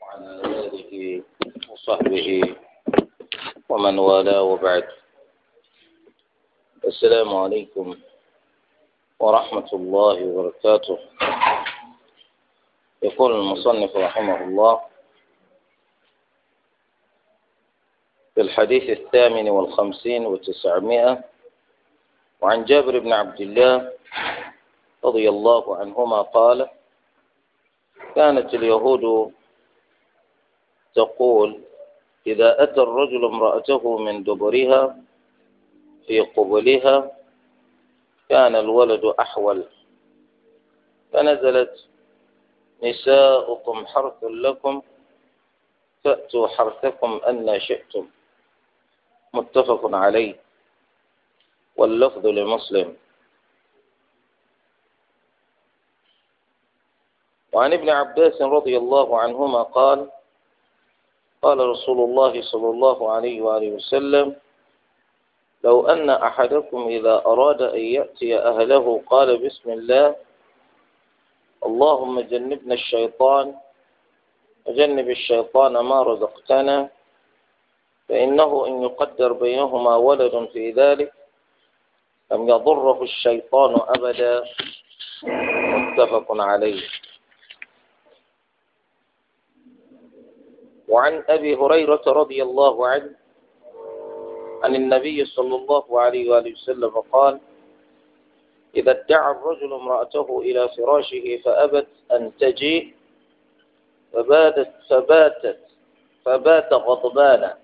وعلى آله وصحبه ومن والاه وبعد السلام عليكم ورحمة الله وبركاته يقول المصنف رحمه الله في الحديث الثامن والخمسين وتسعمائة وعن جابر بن عبد الله رضي الله عنهما قال كانت اليهود تقول إذا أتى الرجل امرأته من دبرها في قبلها كان الولد أحول فنزلت نساؤكم حرث لكم فأتوا حرثكم أن شئتم متفق عليه واللفظ لمسلم وعن ابن عباس رضي الله عنهما قال قال رسول الله صلى الله عليه وآله وسلم لو أن أحدكم إذا أراد أن يأتي أهله قال بسم الله اللهم جنبنا الشيطان وجنب الشيطان ما رزقتنا فإنه إن يقدر بينهما ولد في ذلك لم يضره الشيطان أبدا متفق عليه وعن أبي هريرة رضي الله عنه عن النبي صلى الله عليه وآله وسلم قال إذا ادعى الرجل امرأته إلى فراشه فأبت أن تجي فباتت فباتت فبات غضبانا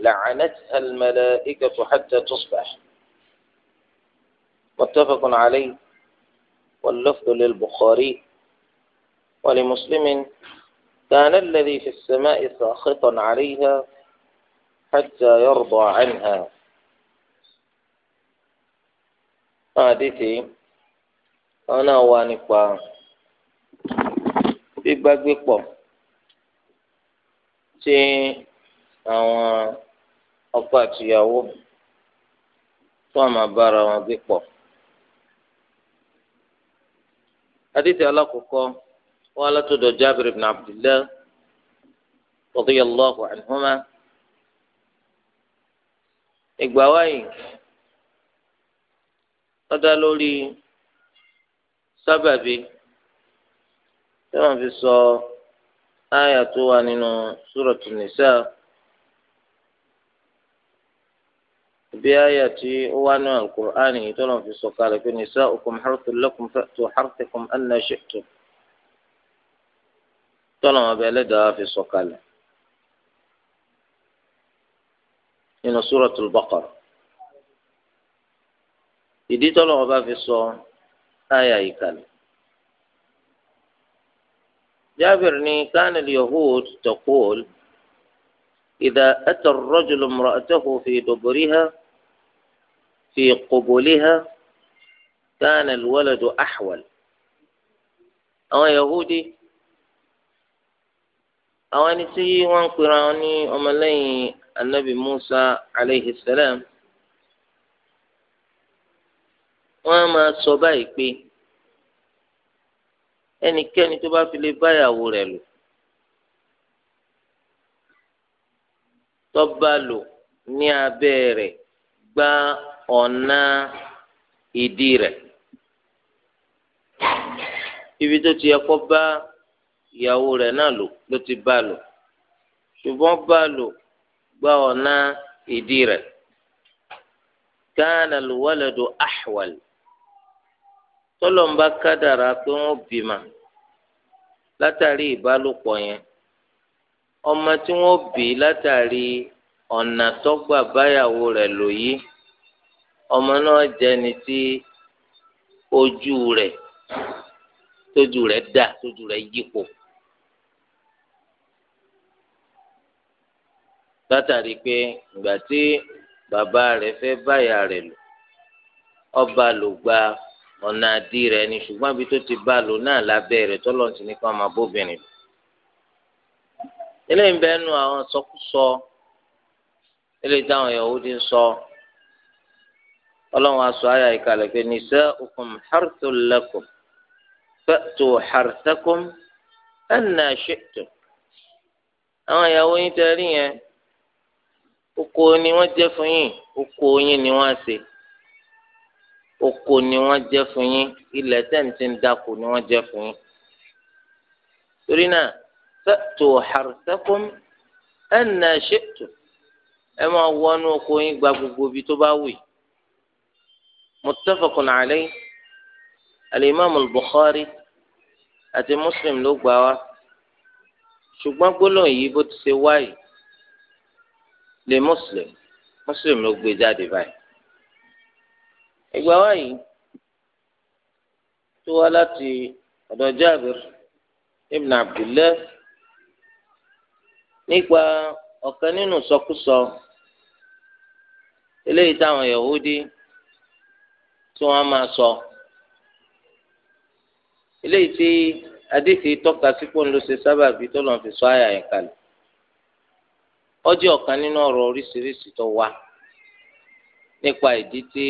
لعنتها الملائكة حتى تصبح متفق عليه واللفظ للبخاري ولمسلم كان الذي في السماء ساخطا عليها حتى يرضى عنها àdìtì wọn náà wà nípa gbígbàgbé pọ̀ tí àwọn ọkọ àtìyàwó tó àmà bára wọn gbé pọ̀ àdìtì alákọ̀ọ́kọ́ wọn alátọ̀dọ̀ jábìrì ibn abdillah radiyallahu anhuma ìgbà wáyé lọ́dá lórí sábàbí tí wọ́n fi sọ àyà tó wà nínú súrọ̀tù nìsá bí àyà tí ó wà nínú alukur'ani tó wọ́n fi sọ kalẹ̀ pé nìsá òkùn harthu lakum fa'tu harthakum anna shi'tum. tọ́lọ̀ wọn bẹ wá fi sọ̀kalẹ̀ nínú tó bọ́kọ̀. ìdí tọ́lọ̀ wọn bá fi sọ táyà yìí kalẹ̀. جابر كان اليهود تقول إذا أتى الرجل امرأته في دبرها في قبولها كان الولد أحول أو يهودي àwọn ẹni tí wọ́n ń pera wọn ní ọmọlẹ́yìn anabi musa alayhi salam wọ́n á máa sọ báyìí pé ẹnikẹ́ni tó bá fi lè báyàwó rẹ̀ lò tó lò ní abẹ́ rẹ̀ gba ọ̀nà ìdí rẹ̀ ibi tó ti yẹ kó bá ìyàwó rẹ̀ náà lò ló ti bá lò ṣùgbọ́n bá lò gba ọ̀nà ìdí rẹ̀ kana alwaladu ahwal tọ́lọ́mbà kádàrá pé wọ́n bímọ látàrí ìbálòpọ̀ yẹn ọmọ tí wọ́n bí látàrí ọ̀nà tọ́gbà báyàwó rẹ̀ lò yìí ọmọ náà jẹni tí ojú rẹ̀ tójú rẹ̀ dà tójú rẹ̀ yípo látàrí pé ìgbà tí bàbá rẹ fẹ báyà rẹ̀ lò ọba ló gba ọ̀nà àdí rẹ ni ṣùgbọ́n ibi tó ti bá lò náà lábẹ́ rẹ̀ tọ́lọ́ ti ní kí wọ́n máa bóbìnrin lò. eléyìí bẹ́ẹ̀ nu àwọn sọkúsọ eléyìí táwọn Yahudi ń sọ ọlọ́run aṣọ àyà ìkàlẹ̀ pé nisa'ukum harthul lakum fa'tu harthakum anna shi'tum. àwọn ìyàwó yín tẹ́ rí yẹn oko ni wọ́n jẹ́ fún yín oko yín ni wọ́n ṣe oko ni wọ́n jẹ́ fún yín ilẹ̀ tẹǹtì ń dáko ni wọ́n jẹ́ fún yín torí náà fẹtò harsakum ẹnna ṣètò ẹ máa wọnú oko yín gba gbogbo ibi tó bá wù yìí muttafaqun alayhi alimami al àti Muslim ló gbà wá ṣùgbọ́n gbólóhùn yìí bó ti ṣe wáyìí lè muslim muslim ló gbé jáde báyìí ìgbà wáyé tó wá láti ọ̀dọ̀ Jabir ibn Abdullah nípa ọ̀kan nínú sọkúsọ eléyìí táwọn Yahudi tí wọ́n máa sọ eléyìí tí adéfì tọ́ka sípò ńlọ ṣe sábàbí tó lọ́n fi sọ àyà yẹn kalẹ̀ ọjọ́ ọ̀kan nínú ọ̀rọ̀ oríṣiríṣi tó wá nípa ìdí tí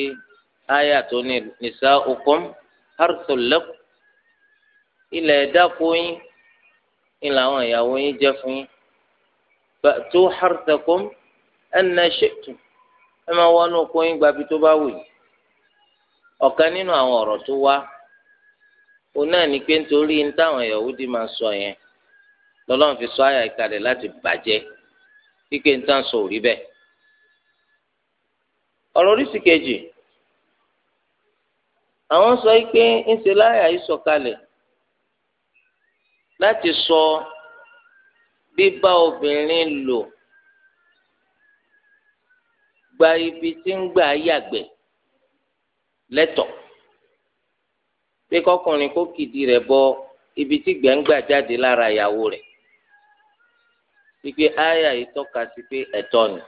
aya tó ní nìsa okòm harsolaku ilẹ̀ ẹ̀dáko yín ni làwọn ìyàwó yín jẹ́ fún yín tó harsakom ẹnna ṣètò ẹ máa wọnú okò yín gbabi tó bá wù yín ọ̀kan nínú àwọn ọ̀rọ̀ tó wá òun náà ni pé nítorí ní táwọn Yahudi máa sọ yẹn lọ́lọ́run fi sọ àyà ìkàlẹ̀ láti bàjẹ́ kíkẹ́ ń tán sọ òrí bẹ́ẹ̀. ọ̀rọ̀ oríṣi kejì àwọn sọ pé ńṣe láyà yìí sọ̀kalẹ̀ láti sọ bíbá obìnrin lò gba ibi tí ń gbà yàgbẹ́ lẹ́tọ̀ pé kọkùnrin kó kìdí rẹ̀ bọ ibi tí gbẹ̀ngbà jáde lára ìyàwó rẹ̀ wípé àyà yìí tọ́ka sí pé ẹ̀tọ́ ni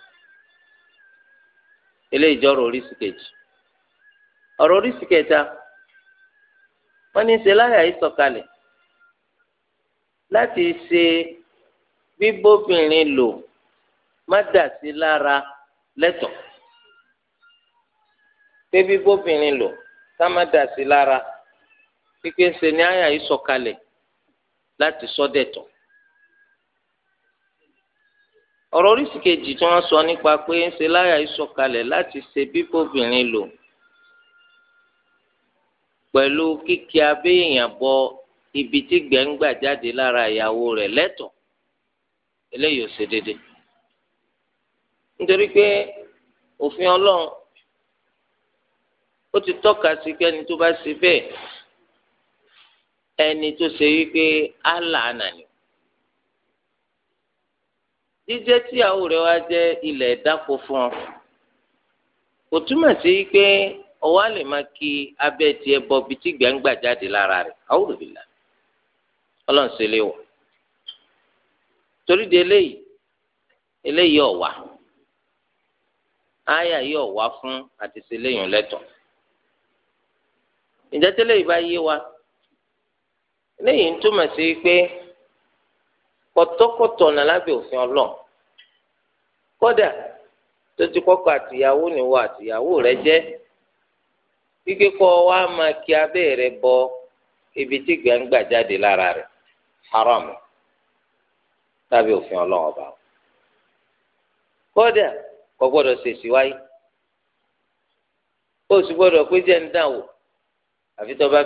eléyìí jọrọ oríṣi kejì ọ̀rọ̀ oríṣi kẹta wọ́n ní ṣe láyà yìí sọ̀kalẹ̀ láti ṣe bíbóbìnrin lò má dà sí lára lẹ́tọ̀ọ́ pé bíbóbìnrin lò ká má dà sí lára pípé ṣe ní àyà yìí láti sọ́dẹ̀tọ̀. So ọ̀rọ̀ oríṣi kejì tí wọ́n sọ nípa pé ń ṣe láyà ìsọ̀kalẹ̀ láti ṣe bíbóbìnrin lò pẹ̀lú kíkí abẹ́ èèyàn bọ ibi tí gbẹ̀ngbà jáde lára ìyàwó rẹ̀ lẹ́tọ̀ eléyìí ò ṣe déédé nítorí pé òfin ọlọ́run ó ti tọ́ka sí kẹ́ni tó bá ṣe bẹ́ẹ̀ ẹni tó ṣe wípé Allah nàní jíjẹ tíyàwó rẹ wá jẹ ilẹ̀ dáko fún ọ kò túmọ̀ sí pé ọwọ́ àlè máa kí abẹ́ tiẹ̀ bọ bí tí gbẹ̀ngbà jáde lára rẹ̀ àwòrán ìlà ọlọ́run ṣe lé wọ̀ torí de eléyìí eléyìí ọ̀wà áyà yìí ọ̀wà fún àti ṣe léyìn lẹ́tọ̀ọ́ ìjẹ́ tẹ́lẹ̀ yìí bá yé wa eléyìí ń túmọ̀ sí pé kọ̀tọ́kọ̀tọ̀ ọ̀nà lábẹ́ òfin ọlọ́run kódà tó ti kọ́kọ́ àtìyàwó níwọ àtìyàwó rẹ jẹ́ kíkẹ́ kọ́ wa kí rẹ bọ ibi tí gbẹ̀ngbà jáde lára rẹ̀ haram tàbí òfin ọlọ́run ọba kódà kò gbọ́dọ̀ ṣèṣì wáyé ó sì gbọ́dọ̀ pé dáwò àfi tó bá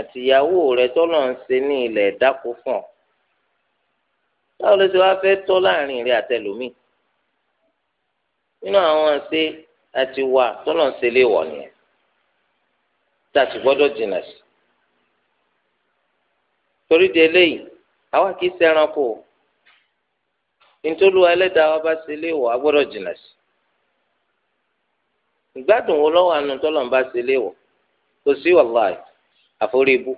àtìyàwó rẹ̀ tọ́lọ̀ ń ṣe ní ilẹ̀ dáko fún ọ báwo ló ṣe wá fẹ́ tọ́ láàrin rẹ̀ àtẹlómi nínú àwọn ṣe àti wà tọ́lọ̀ ń ṣe léwọ̀ nìyẹn tá a sì gbọ́dọ̀ jìnnà sí torí di eléyìí àwa kì í ṣẹranko ntòlúwa ẹlẹ́dàá wa bá ṣe léwọ̀ a gbọ́dọ̀ jìnnà sí ìgbádùn wo lọ́wọ́ àánú tọ́lọ̀ ń bá ṣe léwọ̀ kò sí wàláì. àforíbú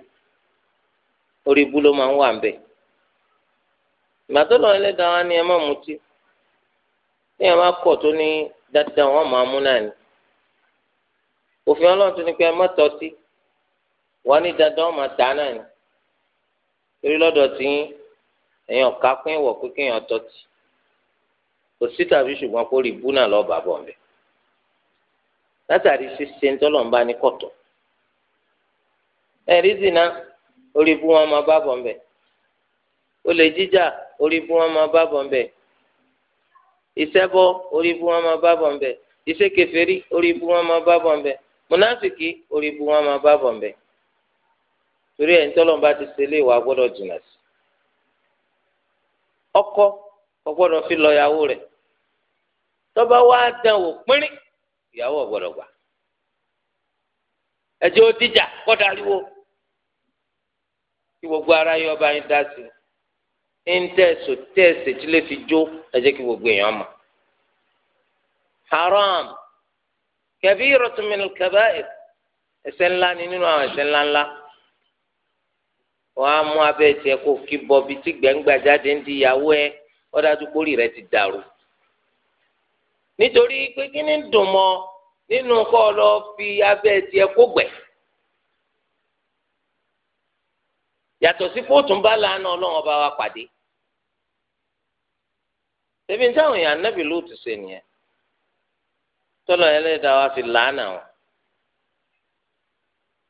oríbú ló máa ń wà nbẹ ìgbà tó lọ ẹlẹ́dàá wa ni ẹ má mutí ní ẹ má kọ̀ tó ní dáadáa wọn máa mú náà ni òfin ọlọ́run tó ní pé ẹ má tọ́tí wọn ní dáadáa wọn máa tà náà ni torí lọ́dọ̀ tí èèyàn ká pín ìwọ̀ pé kéèyàn tọ́tí kò sí tàbí ṣùgbọ́n kó rí bú náà lọ́ọ́ bàbọ̀ nbẹ látàrí ṣíṣe ń tọ́lọ̀ ń bá ní kọ̀tọ̀ ẹ̀rí zina orí ibú wọn máa bá bọ̀ ń bẹ̀ olè jíjà orí wọn máa bá bọ̀ ń bẹ̀ ìṣẹ́bọ orí wọn máa bá bọ̀ ń bẹ̀ ìṣèkèfèrí orí wọn máa bá bọ̀ ń bẹ̀ mùnáfìkì orí wọn máa bá bọ̀ ń bẹ̀ torí ẹ̀ ń bá ọkọ fi lọ ìyàwó rẹ̀ tọ́ba wá dán wò pínrín ìyàwó gbà ẹ̀jẹ̀ ó kí gbogbo ara yọ ọba yín dá sí i ń tẹ̀sọ̀ tẹ̀sẹ̀ tí lè fi jó ẹ jẹ́ kí gbogbo èèyàn mọ̀. haram kabiratun min al-kaba'ir ẹ̀ṣẹ̀ ńlá ni nínú àwọn ẹ̀ṣẹ̀ ńláńlá wọn á mú abẹ́ tiẹ̀ kó kí bọ́bí tí gbẹ̀ngbàjáde ń di ìyàwó ẹ ó dájú rẹ ti dàrú. nítorí pé kí ni dùn mọ́ nínú kọ́ ọ lọ fi abẹ́ tiẹ̀ kó gbẹ̀. yàtọ̀ sí kóòtù ń bá lànà ọlọ́run ọba wa pàdé ebi ń táwọn èèyàn anábì lóòtù ṣe nìyẹn tọ́lọ̀ ẹlẹ́dàá wa fi lànà wọn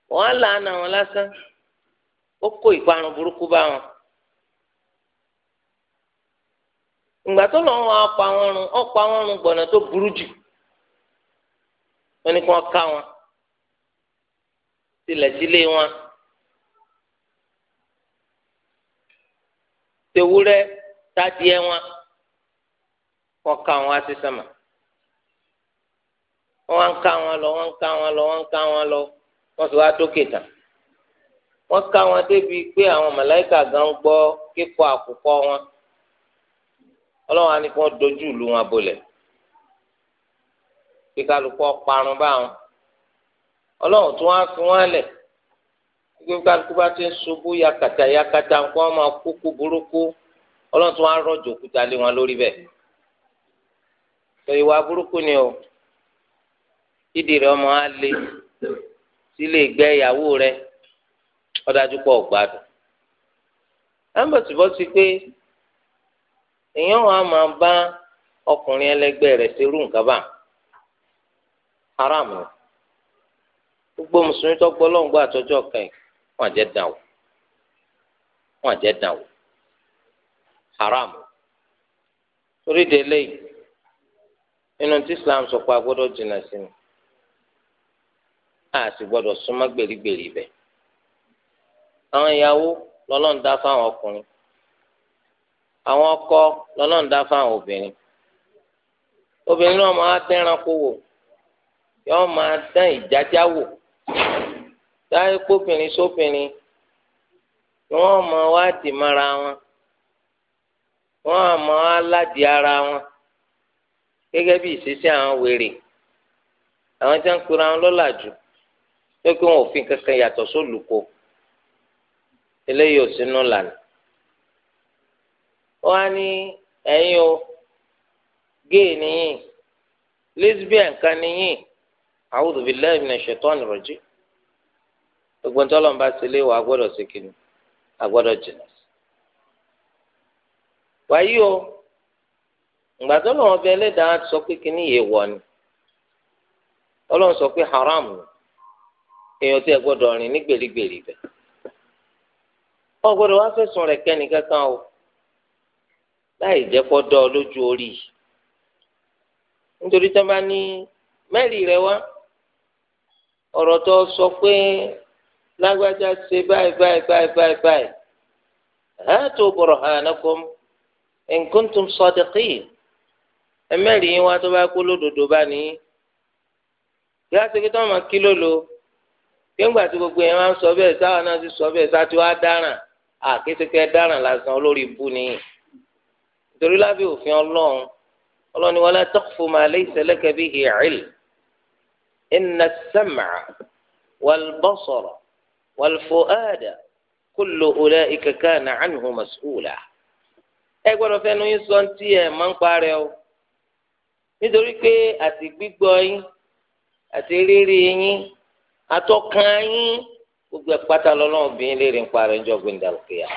wọn á lànà wọn lásán ó kó ìparun burúkú bá wọn ìgbà tọ́lọ̀ wọn á pa wọn run ó pa wọn run gbọ̀nà tó burú jù wọn ni kí wọ́n ká wọn tilẹ̀ sílé wọn. tewúrẹ́ tádìẹ wọn kọka wọn á ti sàmà wọn ń ká wọn lọ wọn ń ká wọn lọ wọn ń ká wọn lọ wọn sì wá dókè tán wọn ká wọn débi pé àwọn màláìkà gan gbọ́ kíkọ àkùkọ wọn Ọlọ́run á ní kí wọ́n dojú ìlú wọn bolẹ̀ kíkálukọ parun báwọn Ọlọ́run tún wá fi wọn lẹ̀ gbogbo àti bá ti ń ṣubú ya yakata nǹkan máa kúkú burúkú ọlọ́run tó rọ̀jò lé wọn lórí bẹ́ẹ̀. sọ ìwà burúkú ni o ìdí rẹ ọmọ á lé sílé ìgbẹ́ ìyàwó rẹ ọ̀dájú pọ̀ pé èèyàn wa máa bá ọkùnrin ẹlẹgbẹ́ gbogbo mùsùlùmí tó gbọ́ àtọ́jọ́ wọn jẹ́ dàn wọn jẹ́ dàn haram torí de lẹ́yìn nínú tí islam sọ pé a gbọ́dọ̀ jìnnà sí ni a sì gbọ́dọ̀ súnmọ́ gbèrígbèrí bẹ́ẹ̀ àwọn ìyàwó lọ́lọ́run dá fáwọn ọkùnrin àwọn ọkọ lọ́lọ́run dá fáwọn obìnrin obìnrin náà máa dẹ́ran kó wò yọ máa dán ìjájá wò táyé kóbìnrin sóbìnrin ni wọ́n mọ wá dì mara wọn wọ́n mọ wá ládìí ara wọn gẹ́gẹ́ bí ìṣesí àwọn wèrè àwọn tí wọ́n ń pera wọn lọ́làjú pé kí wọ́n òfin kankan yàtọ̀ sólùkọ́ eléyìí ò sínú lànà wọ́n ní ẹ̀yin o géè nìyí lesbian kan nìyí a'udhu billahi minash shaitani rajim gbogbo ń tọ́lọ́ ń bá sílé wa gbọ́dọ̀ kinu jìnnà sí. o ìgbà tó lọ́wọ́ ẹlẹ́dàá sọ pé kíní wọ ni ọlọ́run sọ pé haram ni èèyàn tí ẹ gbọ́dọ̀ rìn ní gbèrígbèrí bẹ́ẹ̀. wọ́n gbọ́dọ̀ wá fẹ̀sùn rẹ̀ kẹ́ni kankan o láì jẹ́ kó dọ́ ọ lójú ní mẹ́rin wá ọ̀rọ̀ sọ pé. lágbájá ṣe báyìí báyìí báyìí báyìí báyìí hàtó burhanakum in kuntum sadiqin ẹ̀mẹ́rin yín wá tó bá kú lódodo bá ní. ìyá sèké tó máa kí lólo kéńgbà tí gbogbo yẹn máa ń sọ bẹ́ẹ̀ sáwọn náà ti sọ bẹ́ẹ̀ sáti wá dáràn àkétéké dáràn lásán olórí ibú ni nítorí lábẹ́ òfin ọlọ́run ọlọ́run ni wala taqfu ma laysa laka bihi ilm inna as-sam'a wal-basara. والفؤاد كل أولئك كان عنه مسؤولا ẹ gbọ́dọ̀ fẹnu yín sọ tí ẹ máa ń parẹ́ o nítorí pé àti gbígbọ́ yín àti rírí yín atọ́kàn yín gbogbo ẹpátá lọ́lọ́run bí yín léèrè ń parẹ́ ńjọ́ gbẹndàlùkìyà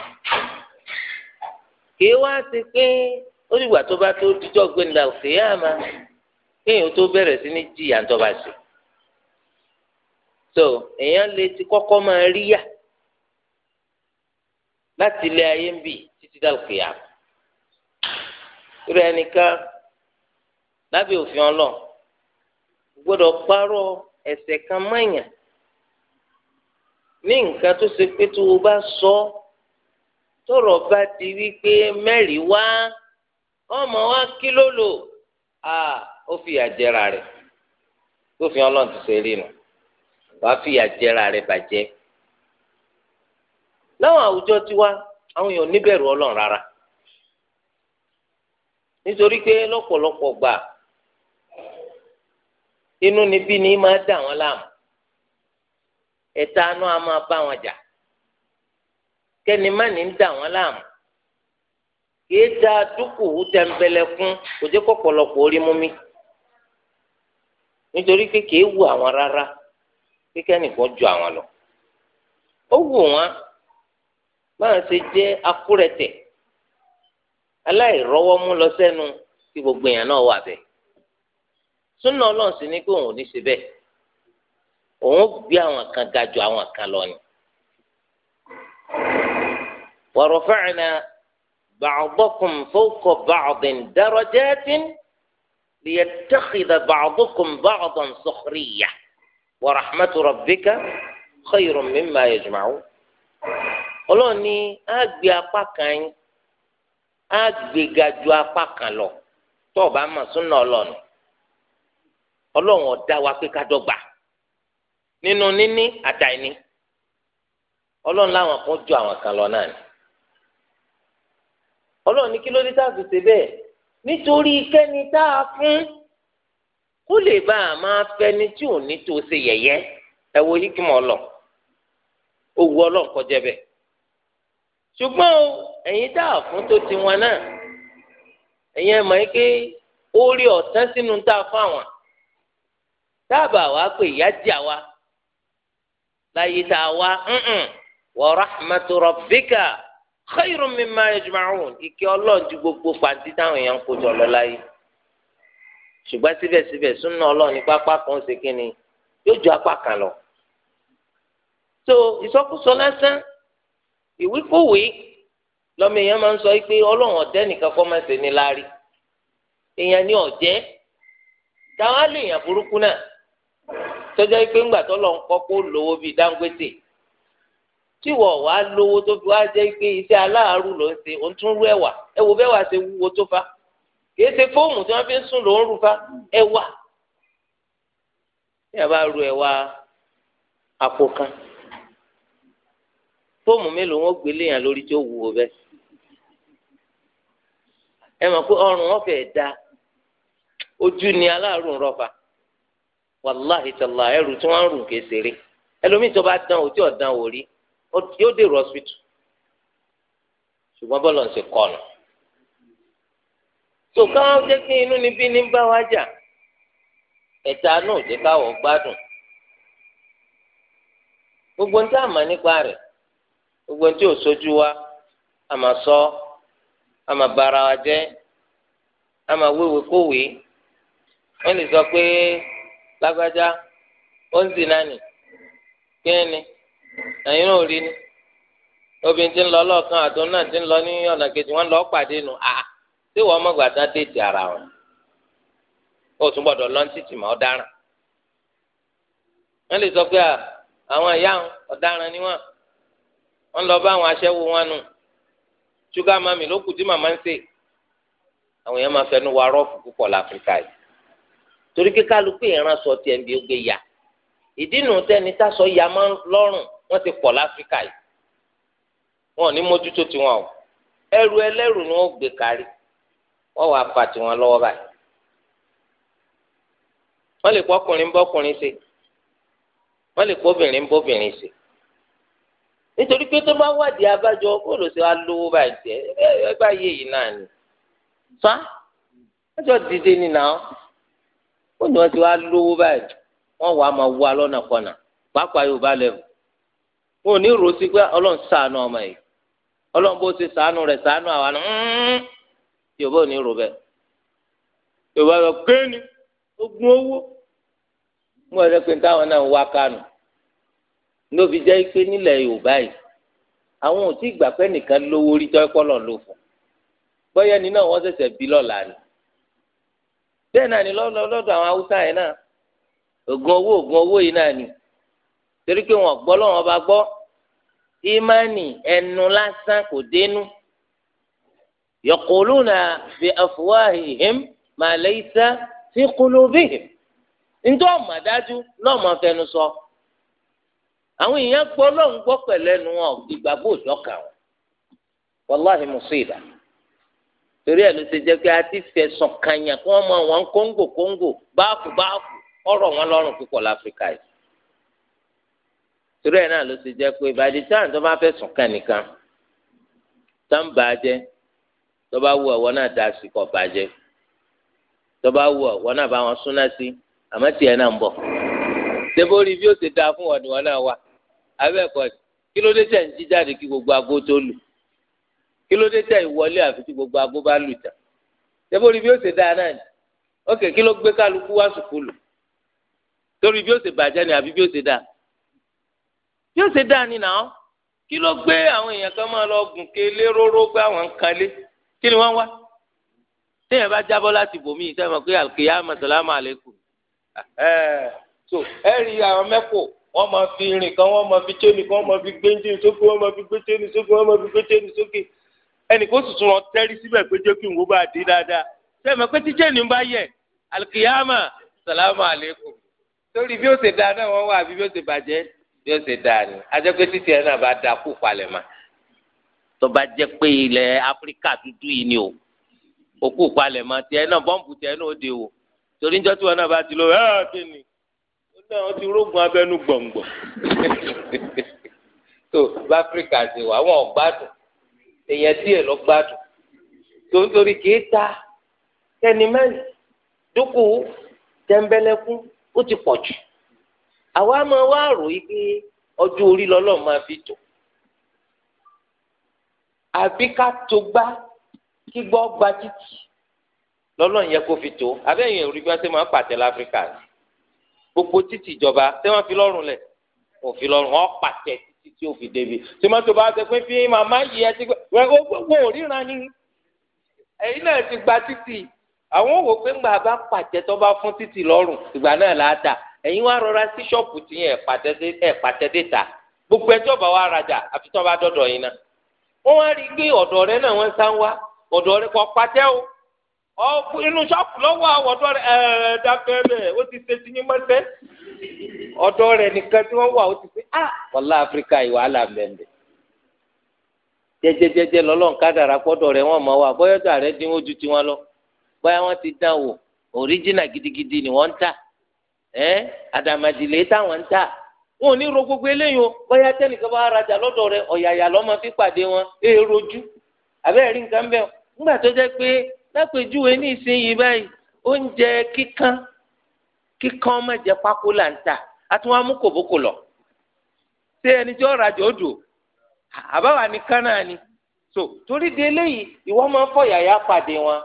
kì í wá sí pé ó dìgbà tó bá tó kéèyàn tó sí ní jìyà so èèyàn lè ti kọ́kọ́ máa rí láti ilé ayé ń bì títí dàlùkìyà rẹ nìkan lábẹ́ òfin ọlọ́ọ̀ gbọ́dọ̀ parọ́ ẹ̀ṣẹ̀ kan mọ́yàn ní nǹkan tó ṣe pé tó bá sọ tọrọ bá di pé mẹ́rin wá ọmọ wa kí ló lò ó fi àjẹrà rẹ̀ tó fi ọlọ́run wàá fi jẹra rẹ bàjẹ láwọn àwùjọ tiwa àwọn èèyàn níbẹ̀rù ọlọ́run rárá nítorí pé lọ́pọ̀lọpọ̀ gbà inú bí ni máa dà wọ́n láàmú ẹ̀ta anú a máa bá wọn jà kẹni má ní ń dà wọ́n láàmú kìí da dúkù kò orí mú mi nítorí pé kìí wù àwọn rárá kíkẹ́ nìkan ju àwọn lọ ó wù wọ́n máa ṣe jẹ́ akúrẹ̀tẹ̀ aláìrọ́wọ́mú lọ sẹ́nu kí gbogbo èèyàn náà wà bẹ́ẹ̀ súnà ọlọ́run sì ní pé òun ò ní ṣe bẹ́ẹ̀ òun gbé àwọn kan ga ju àwọn kan lọ ni. wa rafa'na ba'dakum fawqa ba'din darajatin liyattakhidha ba'dukum ba'dan sukhriya wa ربك خير مما mimma yajma'un ọlọ́run ní á gbé apá kan yín á gbéga ju apá kan lọ tó o bá mọ̀ súnà ọlọ́run ọlọ́run ọ̀dá wa pé ká dọ́gba nínú níní àtàìní ọlọ́run láwọn kan ju àwọn kan lọ náà ni ọlọ́run ní kí ló dé tá a fi ṣe bẹ́ẹ̀ nítorí kẹ́ni tá a fún ó lè bá a máa fẹni tí ò ní tó ṣe yẹ̀yẹ́ ẹ wo hikima ọlọ owó ọlọ́nkọjẹ bẹ ṣùgbọ́n ẹ̀yin tá a fún tó ti wọn náà ẹ̀yin ẹ̀ mọ̀ ẹ́ pé ó rí ọ̀tán sínú tá a fáwọn dábàá wa pé ìyá jà wa láyé tá a wá wa rahmatu rabbika khayrun mimma yajma'un ìkẹ́ ọlọ́run ju gbogbo pàǹtí táwọn èèyàn ń kó lọ láyé ṣùgbọ́n síbẹ̀síbẹ̀ súnà ọlọ́run ní pápá kan ṣe kí ni yóò ju apá kan lọ. so ìsọkúsọ lásán ìwíkúwìí lọ́mọ èèyàn máa ń sọ pé ọlọ́run ọ̀dẹ́ nìkan kọ́ máa ṣe ní láárí èèyàn ní ọ̀jẹ́ táwa lè yàn burúkú náà tọ́jà pé ńgbà tó lọ́n kọ́ kó lówó bíi Dangote tí wọ́n wá lówó tó fi wá jẹ́ pé iṣẹ́ aláàárù ló ń ṣe òun tún rú ẹ̀wà ẹ̀wò bẹ́ẹ̀ wá ṣe wúwo tó fa. kìí ṣe fóòmù tí wọ́n fi ń sùn ló ń rúfa ẹ̀wà bá ru ẹ̀wà àpò kan fóòmù mélòó wọ́n gbélé yàn lórí tí ó wù ó ẹ da ojú ni aláàrùn rọ̀fà wàláhì tàlá ẹrù tí wọ́n ń rùn kìí ṣeré tó bá dán o tí ò o yóò dèrò hospital ṣùgbọ́n ń ṣe tó káwọn inu kí inú níbí ní bá wá jà ẹ̀ta náà jẹ́ káwọ́ gbádùn gbogbo ní tá a nípa rẹ̀ gbogbo ní ò sojú wa a sọ a máa wa a wéwèé kówèé wọ́n lè sọ pé lágbájá ó ń zì náà nì ni náà rí ni obìnrin ń lọ ń lọ ní ọ̀nà kejì lọ́ọ́ ṣé wọ́n mọ̀gbà tán déètì ara wọn ó tún gbọ́dọ̀ lọ́ńtìtì mọ́ ọ̀daràn wọ́n lè sọ pé àwọn ìyá ọ̀daràn ni wọ́n wọ́n lọ bá àwọn aṣẹ́wó wọn nù ṣúgà mami ló kù tí màmá ń sè àwọn èèyàn máa fẹnu wa rọ́ọ̀fù púpọ̀ láfíríkà yìí torí ya ìdí nù ya máa ń lọ́rùn wọ́n ti wọn ò ní mójútó tiwọn o ẹrù ni wọ́n wàá fa wọn lọ́wọ́ báyìí wọ́n lè kó ọkùnrin bọ́kùnrin ṣe wọ́n lè kó obìnrin bóbìnrin ṣe nítorí pé tó bá wádìí abájọ bóòlù lówó báyìí tiẹ̀ ẹ bá yìí náà ni fa dídé ni náà ó ní wọ́n ti wá lówó báyìí wọ́n wàá máa wá lọ́nà kọ́nà pàápàá yóò bá lẹ́wọ̀ wọn ò ní rò sí pé ọmọ yìí ọlọ́run bó ṣe rẹ̀ yorùbá ò ní rò bẹ́ẹ̀ yorùbá lọ kéènì ogun owó mú ẹsẹ̀ pé táwọn náà ń wá kánù lóbi jẹ́ pé nílẹ̀ yorùbá yìí àwọn ò tí ì gbà pé nìkan lówó rí tọ́ ẹ̀kọ́ lọ lò fún bóyá ẹni náà wọ́n ṣẹ̀ṣẹ̀ bí lọ́la ni bẹ́ẹ̀ náà ni lọ́dọ̀ àwọn haúsá yẹn náà ogun owó ogun owó yìí náà ni torí pé wọn gbọ́ lọ́wọ́n bá gbọ́ ìmánì ẹnu lásán kò dénú yaquluna bi afwahihim ma laysa fi qulubihim ntọ́ ọ̀mà dájú lọ́mọ fẹnu àwọn èèyàn gbọ́ lọ́n gbọ́ pẹ̀lú ẹnu wọn wọn torí ẹ̀ ló jẹ́ pé a ti fẹ̀sùn kànyà kí wọ́n mọ àwọn kóńgò kóńgò báàkù báàkù ọ̀rọ̀ wọn lọ́rùn púpọ̀ láfíríkà yìí torí ẹ̀ tọ́ba wù ọ̀wọ́ náà dá sí kọ́ bàjẹ́ tọ́ba wù ọ̀wọ́ náà bá wọn súná sí àmọ́ tiẹ̀ náà ń bọ̀ ṣebó rí bí ó ti dáa fún wọn ni wọn náà wà abẹ́ẹ̀kọ́ kí ló dé tẹ̀ ń jí jáde kí gbogbo aago tó lù kí ló dé tẹ̀ ìwọlé àfi tí gbogbo aago bá lù tán ṣebó bí ó ti dáa náà ni ókè kí ló gbé kálukú wá sùkúlù torí bí ó ti bàjẹ́ ni àbí bí ó ti dáa bí ó ti dáa ni náà kí ló gbé àwọn èèyàn kan máa lọ gùn ké léróró gbé àwọn kan lé kí ni wọ́n wá téèyàn bá jábọ́ láti bòmíì sẹ́yìn mọ̀ pé àlùkìyà mọ̀sálámà àlékún so ẹ rí àwọn mẹ́kọ̀ọ́ wọ́n máa fi irin kan wọ́n máa fi chéènì kan wọ́n máa fi gbé chéènì sókè wọ́n máa fi gbé chéènì sókè wọ́n máa fi gbé chéènì sókè ẹnì kó tuntun lọ tẹ́rí síbẹ̀ pé jẹ́ kí n wo bá dé dáadáa sẹ́yìn mọ̀ pé tí chéènì bá yẹ àlùkìyàmà sàlámù àlékún torí bí ó ṣe dáa náà wọ́n wà àbí bí ó ṣe bàjẹ́ bí ó ṣe dáa ni ajẹ́ pé títí ẹ̀ náà bá da kú palẹ̀ mọ́ tó bá jẹ́ pé ilẹ̀ áfíríkà dúdú yìí ni o òkú palẹ̀ mọ́ tiẹ̀ náà bọ́ǹbù tiẹ̀ náà ó de o torí ń jọ́ tí wọn náà bá ti lọ ẹ́ ah, kí ni ó náà ti rógun abẹ́nú gbọ̀ngbọ̀n tó bá áfíríkà ti wà wọn ò gbádùn èèyàn díẹ̀ lọ gbádùn tó ń torí kì í ta kẹ́ni mẹ́rin dúkù tẹ́ńbẹ́lẹ́kún ó ti pọ̀ jù àwa máa wá rò pé ọjọ́ orí lọ́lọ́ máa fi tò àbí ká tó gbá kí gbọ́ gba títì lọ́lọ́ yẹ kó fi tó abẹ́yẹn orí bí wọ́n ṣe máa ń pàtẹ láfíríkà gbogbo títì ìjọba ṣé wọ́n fi lọ́rùn lẹ̀ wọ́n fi lọ́rùn wọ́n pàtẹ títí tí ó fi débi ṣé wọ́n tó bá ṣe pé fi màmá yìí ẹ ti gbẹ wọ́n ríran ni ẹ̀yin náà ti gba títì àwọn òwò pé ńgbà bá pàtẹ tó bá fún títì lọ́rùn ìgbà náà là á tà ẹ̀yin wá rọra sí ṣọ́ọ̀pù tiyẹn ẹ̀ pàtẹ déta gbogbo ẹjọ́ bá wà rajà àfi tó bá dọ́dọ̀ yín náà wọ́n wá rí i pé ọ̀dọ̀ rẹ náà wọ́n sá ń wá ọ̀dọ̀ rẹ kọ́ pàtẹ́ o inú ṣọ́ọ̀pù lọ́wọ́ àwọn ọ̀dọ́ rẹ̀ ẹ̀ dákẹ́ rẹ̀ ó ti ṣe ti ní mọ́tẹ́ rẹ̀ nìkan tí wọ́n wà ó ti ṣe á rẹ̀ wá dín ojú lọ báyà ti wò gidigidi ni wọn ò ní ro gbogbo eléyìí o bóyá tẹnìkan bá rajà lọ́dọ̀ rẹ̀ ọ̀yàyà lọ́mọ fi pàdé wọn èrò ojú àbẹ́ẹ̀ rí nǹkan bẹ́ẹ̀ nígbà tó jẹ́ pé lápèjúwe ní ìsinyìí báyìí oúnjẹ kíkan kíkan ọmọ jẹ pákó là ń tà àtúwọn amú kòbókò lọ ṣé ẹni tí ó rajà ó dùn àbáwá nìkan náà ni so torí de eléyìí ìwọ máa ń fọ̀yàyà pàdé wọn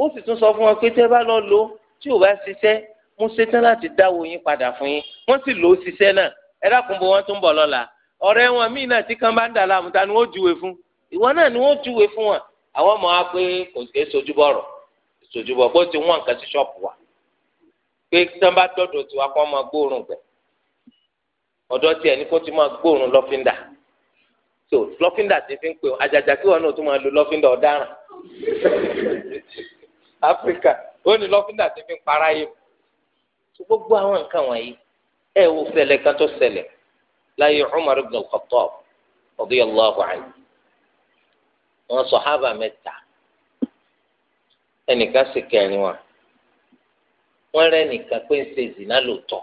ó sì tún sọ fún wọn pé tẹ́ bá lọ lò tí ò bá ṣiṣẹ́ mo ṣetán láti dáwọ́ yín padà fún yín wọ́n sì lò ó ṣiṣẹ́ náà ẹ dákun bó wọn tún bọ̀ lọla ọ̀rẹ́ wọn míì náà tí kan bá ń dà láàmú ta ni wọ́n júwe fún ìwọ náà ni júwe fún àwọn ọmọ wa ti sí wa pé tán bá dọ̀dọ̀ tiwa kó máa gbóòórùn gbẹ kó ti máa so ti fi ń pè àjàjà kí wọn náà tún máa lo áfíríkà ó ní fi ń para yìí gbogbo àwọn nǹkan wọ̀nyí ẹ wo ṣẹlẹ̀ kan tó ṣẹlẹ̀ láyé Umar ibn al-Khattab radiyallahu anhu wọn sàhábà mẹ́ta ẹnìkan sì kẹrin wọn wọn rẹ nìkan pé ń ṣe O lóòótọ́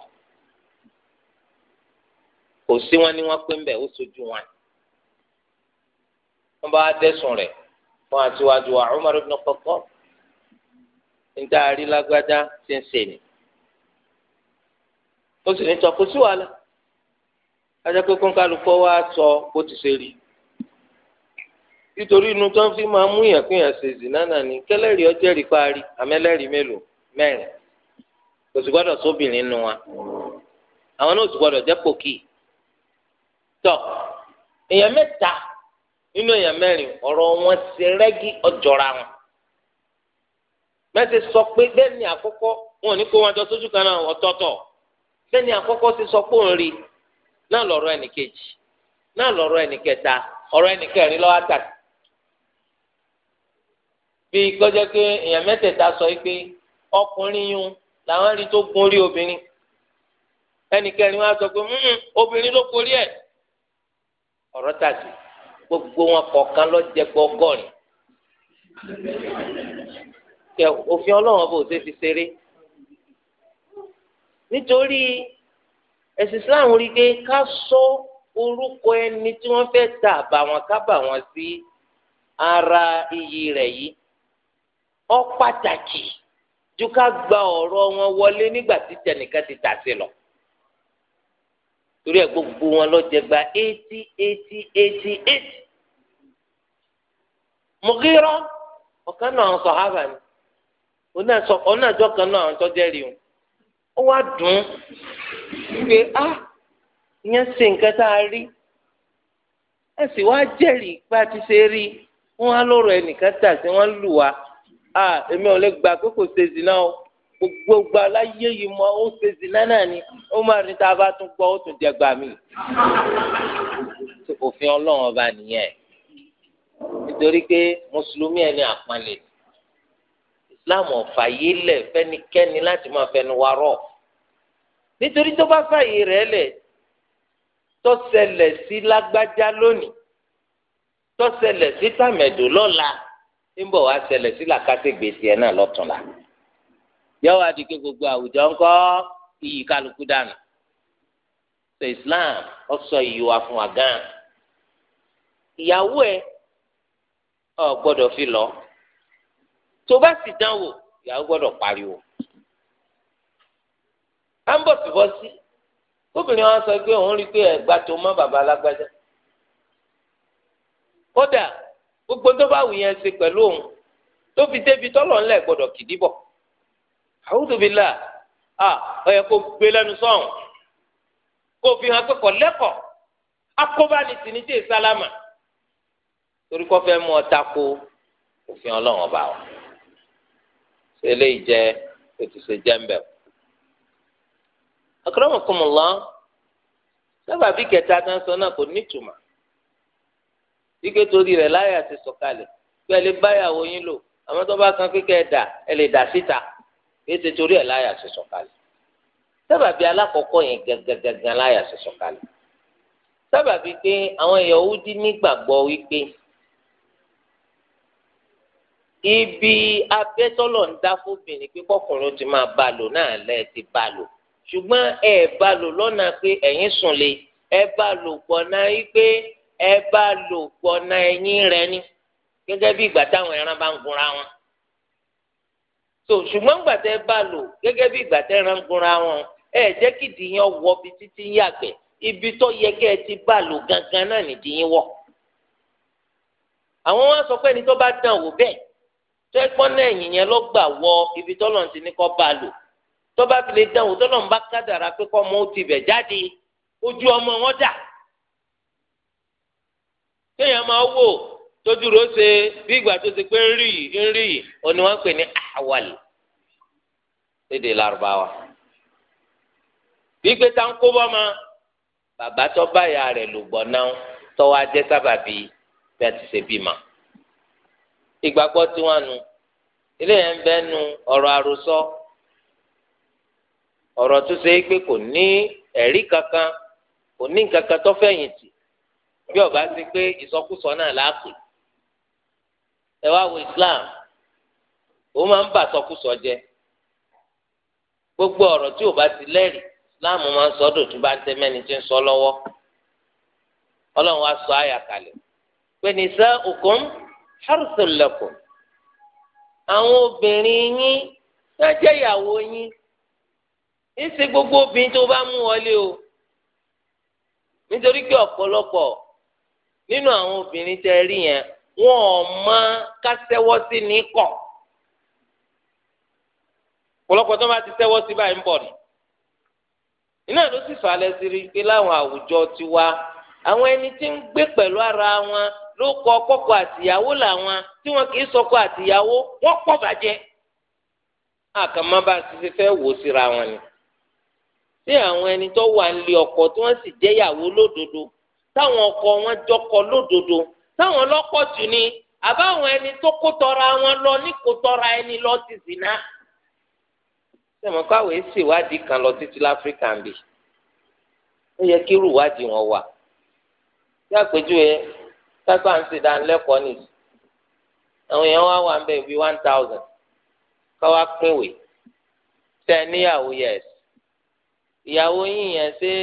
kò sí wọn ni wọn pé ń bẹ ó sojú wọn wọn bá dẹsùn rẹ̀ wọn àti ó sì ní tọ́ kó sí wàhálà ajá pé wa sọ bó ti ṣe rí nítorí inú tó ń fi máa mú ṣe ni kẹlẹ́rìí ọjọ́ rí parí àmẹ́lẹ́rìí mélòó mẹ́rin wa àwọn náà sì gbọ́dọ̀ jẹ́ pòkì tọ́ èèyàn mẹ́ta nínú èèyàn mẹ́rin wọn rẹ́gí wọn sọ pé bẹ́ẹ̀ ni àkọ́kọ́ wọn ò ní kó wọn bẹ́ẹ̀ni àkọ́kọ́ ti sọ pé nri rí náà lọ́rọ̀ ẹnìkejì náà lọ́rọ̀ ẹnìkẹta ọ̀rọ̀ ẹnìkẹrin bí kọjá pé èèyàn mẹ́tẹ̀ẹ̀ta sọ pé ọkùnrin yun làwọn rí tó gun rí obìnrin ẹnìkẹrin wá sọ pé obìnrin ló gbogbo wọn òfin ọba ò ṣe fi ṣeré nítorí ẹ̀sìn Islam rí i pé ká sọ orúkọ ẹni tí wọ́n fẹ́ ta àbà wọn ká bà wọ́n sí ara iyì rẹ̀ yìí ó pàtàkì ju ká gba ọ̀rọ̀ wọn wọlé nígbà tí tẹnìkan ti tà sí lọ torí ẹ gbogbo wọn lọ gba eighty eighty eighty eight Mughira ọ̀kan náà sọ̀hábà ni ọ̀nà àjọ kan náà àwọn jẹ́rìí o ó wá dùn ún pé a ah, ìyẹn ṣe nǹkan tá a rí ẹ sì wá jẹ́rìí pé a ti ṣe rí wọ́n á lọ́rọ̀ ẹnìkan tà sí wọ́n lù wá a èmi ò lè gbà pé kò ṣe zina o gbogbo gba láyé yìí mọ ó ṣe zina náà ni ó máa ní tá a bá tún gbọ́ ó tún jẹ gbà mí òfin ọlọ́run ọba nìyẹn nítorí pé mùsùlùmí ẹni àpọ́nlé islam ọ̀fà yìí lẹ̀ fẹ́nikẹ́ni láti máa fẹnu wa rọ̀ nítorí tó bá fààyè rẹ̀ lẹ̀ tó ṣẹlẹ̀ sí lágbájá lónìí tó ṣẹlẹ̀ sí tàmẹ̀dò lọ́la ń bọ̀ wá ṣẹlẹ̀ sí làkàtẹ́gbè tiẹ̀ náà lọ́tùnla yọ̀wọ́ adìgbò gbogbo àwùjọ ńkọ́ iyì kálukú dànù sọ Islam ọsọ iyì wa fún wa gan ìyàwó ẹ ọ gbọ́dọ̀ fi lọ tó bá sì dánwò ìyàwó gbọ́dọ̀ pariwo à ń bọ̀ bíbọ́ sí obìnrin wa sọ pé òun rí i pé ẹ̀gbá tó mọ́ bàbá alágbájá kódà gbogbo tó bá wù yẹn ṣe pẹ̀lú òun tó fi débi tọ́lọ̀ ńlẹ̀ gbọ́dọ̀ kìdí bọ̀ àwùjọ bíi là á ọ̀yẹ́ kó gbé lẹ́nu sọ̀hún kó fi hàn pé kọ̀ lẹ́kọ̀ọ́ akóbáni sì ní tèè sálámà torí kọ́ fẹ́ mú ọta kó òfin ọlọ́run ọba wa ṣe eléyìí jẹ́ ètùsẹ̀ jẹ́ńbẹ̀ọ́ akramakumullah sábàbí kẹta tán sọ náà kò nítumọ̀ wíkẹ́ torí rẹ̀ láyà ti sọ̀kalẹ̀ pé ẹ lè báyàwó yín lò àmọ́ tó bá kan kíkẹ́ ẹ dà ẹ lè dà síta kí ṣe torí ẹ̀ láyà ti sọ̀kalẹ̀ sábàbí alákọ̀ọ́kọ́ yẹn gangan láyà ti sọ̀kalẹ̀ sábàbí pé àwọn Yahudi nígbàgbọ́ wípé ibi abẹ́tọ́lọ̀ ń dá fóbìnrin pé kọkùnrin ti máa bá lò náà lẹ́ẹ̀ ti bá lò ṣùgbọ́n ẹ bá lò lọ́nà pé ẹ̀yin sùn lè ẹ bá lò pọ̀ náà yí pé ẹ bá lò pọ̀ náà ẹ̀yin rẹ ni gẹ́gẹ́ bí ìgbà táwọn ẹran bá ń gunra wọn so ṣùgbọ́n ìgbà tẹ́ bá lò gẹ́gẹ́ bí ìgbà tẹ́ ẹran ń gunra wọn ẹ jẹ́ kí ìdíyàn wọ bí títí ń yàgbẹ́ ibi tó yẹ kẹ́ ẹ ti bá lò gangan náà nìdíyìn wọ̀ àwọn wá sọ pé ẹni tó bá dàn wò bẹ́ẹ̀ tó ẹ gbọ́n náà ẹ̀yìn yẹn ló tọ́ba fi lè dánwò tọ́lọ́run bá kádàrá pé kọ́ ọmọ ó ti bẹ̀ jáde ojú ọmọ wọn dà kéèyàn máa wò tójú rò ṣe bí ìgbà tó ṣe pé ń rí yìí ń rí yìí òní wọn pè ní àwàlì lédè lárúbáwá bí gbèsè ń kó bọ́ ma bàbá tó báyà rẹ̀ ló gbọ́ náà tọ́wọ́ ajẹ́ sábàbí bí a ti ṣe bímọ ìgbàgbọ́ tiwọn nu ilé yẹn ń bẹ́ẹ̀ nu ọ̀rọ̀ àròsọ. So ọ̀rọ̀ tó ṣe é pé kò ní ẹ̀rí kankan kò ní kankan tó fẹ̀yìntì bí ọba ti pé ìsọkúsọ náà láàpè ẹ wá wo Islam ó máa ń bà sọkúsọ jẹ gbogbo ọ̀rọ̀ tí ò ti lẹ́rìí Islam máa ń sọ ọdún tí bá ń tẹ́ mẹ́ni tí ń sọ lọ́wọ́ ọlọ́run wá sọ àyà kalẹ̀ pé nisa'ukum harthul lakum àwọn obìnrin yín náà jẹ́ ìyàwó yín isi gbogbo obìnrin tó bá mú wọlé o nítorí pé ọ̀pọ̀lọpọ̀ nínú àwọn obìnrin tẹ rí yẹn wọn ò mọ kásẹ́wọ́ sí ní kọ̀ ọ̀pọ̀lọpọ̀ tó bá ti sẹ́wọ́ sí báyìí ń bọ̀ ni iná ló sì tiwa àwọn ẹni tí ń gbé ara wọn ló kọ kọ́kọ́ àtìyàwó làwọn tí wọn kì í sọkọ àtìyàwó wọ́n pọ̀ bàjẹ́ bá a ti fẹ́ ṣé àwọn ẹni tó wà nílé ọkọ tí wọ́n sì jẹ́yàwó lódodo táwọn ọkọ wọn jọkọ lódodo táwọn lọ́pọ̀ jù ni àbáwọn ẹni tó kó tọra wọn lọ ní kó tọra ẹni lọ ti zìnà. sẹ́mi káwé ṣèwádìí kan lọ títí láfíríkà ń bì ó yẹ kí irúwádìí wọn wà. bí àpèjúwe tágbà ń ṣèdánilẹ́kọ̀ọ́ nìyí àwọn èèyàn wá wà ń bẹ̀ bíi one thousand káwá pínwèé tẹ níyàwó yẹs ìyàwó yín yẹn ṣé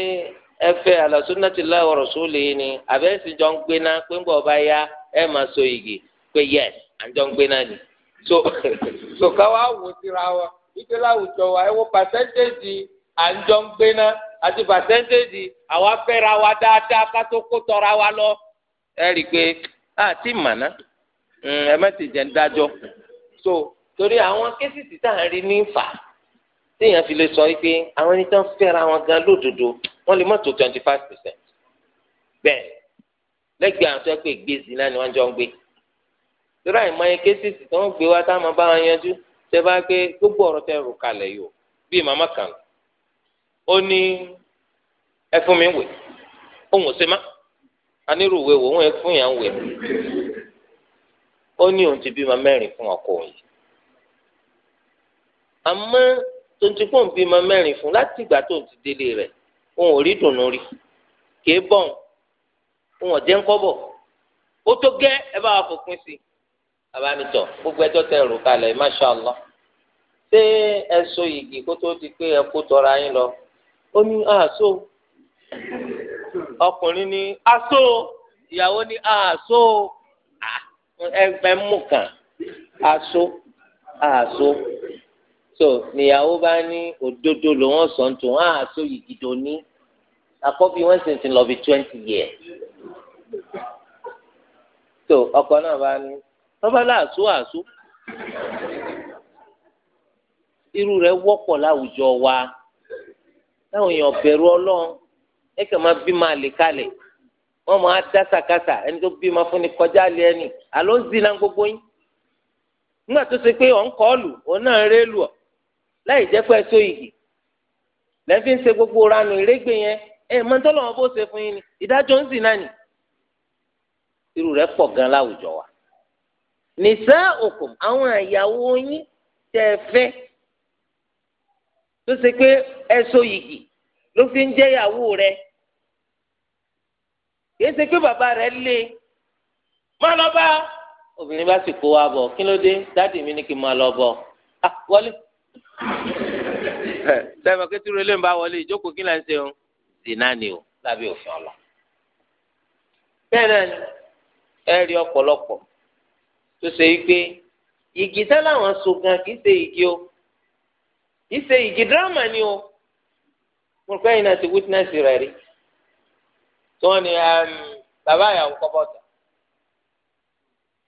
ẹ fẹ́ ala sunnatillahi wa rasulihi ni àbẹ́ sì jọ ń gbé ná pé ń bọ̀ bá yá ẹ máa so igi pé yes à ń jọ ń gbé ná ni. so so ká wá wò síra wa wípé láwùjọ wa ẹ wo pàṣẹ́ntéèjì à ń jọ ń gbé ná àti pàṣẹ́ntéèjì àwa fẹ́ra wa dáadáa ká tó kó tọra wa lọ. ẹ rí i pé àti màná mm, ẹ má ti jẹ́ ń dájọ́ so torí àwọn kéṣìṣì tá à ń rí ní fà á téèyàn fi lè sọ wípé àwọn ẹni tó ń fẹ́ra wọn gan lódodo wọ́n lè má tó twenty five percent bẹ́ẹ̀ lẹ́gbẹ̀ẹ́ àwọn tó ń pè gbé sí náà ni wọ́n jọ ń gbé tóra ìmọ̀ yẹn kéésìsì tó ń gbé wá táwọn bá wọn yanjú tẹ bá gbé gbogbo ọ̀rọ̀ tẹ rò kalẹ̀ yìí o bíi màmá kan ó ní ẹ fún mi wè òun ò ṣe má anírúwé wò òun ẹ fún yàn wè ó ní òun ti bímọ mẹ́rin fún ọkọ yìí àmọ́ tonti kó ń bímọ mẹ́rin fún láti ìgbà tó ń ti délé rẹ̀ òun ò rí dùnú rí kèé bọ̀n òun ọ̀jẹ̀ ń kọ́bọ̀ ó tó gẹ́ ẹ bá wa fòpin sí i bàbá mi tọ̀ gbogbo ẹjọ́ tẹ rò kalẹ̀ masha allah ṣé ẹ so yìgì kó tó di pé ẹ kó tọra yín lọ ó ní àṣọ ọkùnrin ní àṣọ ìyàwó ní àṣọ ẹgbẹ́ mú kàn àṣọ àṣọ so níyàwó bá ní òdodo ló wọn sọ tó wọn á so yìí gidi òní àkọ́bí wọn sì ti lọ bí twenty years so ọkọ náà bá ní bàbá làásù àásù irú rẹ̀ wọ́pọ̀ láwùjọ wa táwọn èèyàn bẹ̀rù Ọlọ́run ẹ kàn máa bí máa lè kalẹ̀ wọn máa dásàkásà ẹni tó bí máa fún ni kọjá lé ẹni àló ń zina gbogbo yín nígbà tó ṣe pé ọ̀ ń kọ́ lù òun náà ń ré lù láì jẹ́ pé ẹsọ igi lẹ́fí ń ṣe gbogbo ranu ìrégbè yẹn ẹ mọ tọ́lọ́wọ́n bó ṣe fún yín ni ìdájọ́ ń sì náà nì irú rẹ̀ pọ̀ gan láwùjọ wa nìṣẹ́ òkùn àwọn ìyàwó yín tẹ́ ẹ fẹ́ tó ṣe pé ẹsọ igi ló fi ń jẹ́ ìyàwó kìí ṣe pé bàbá rẹ̀ lé má lọ bá obìnrin bá sì kó wa bọ̀ kí ló dé dáàdì mi ní kí n máa lọ bọ̀ ah, wọlé sẹ́mi akéwìtì rẹ̀ lè ń bá wọlé ìjókòó kí láń ṣe o zina ni o lábẹ́ òfin ọ̀la. bẹ́ẹ̀ náà ni ẹ rí ọ̀pọ̀lọpọ̀ tó ṣe wípé igi tẹ́ láwọn so gan kì í ṣe igi o kì í ṣe igi dírámà ni o mo rò pé ẹ̀yin náà witness rẹ̀ rí tí wọ́n ní um, bàbá ìyàwó kọ́ bọ́ta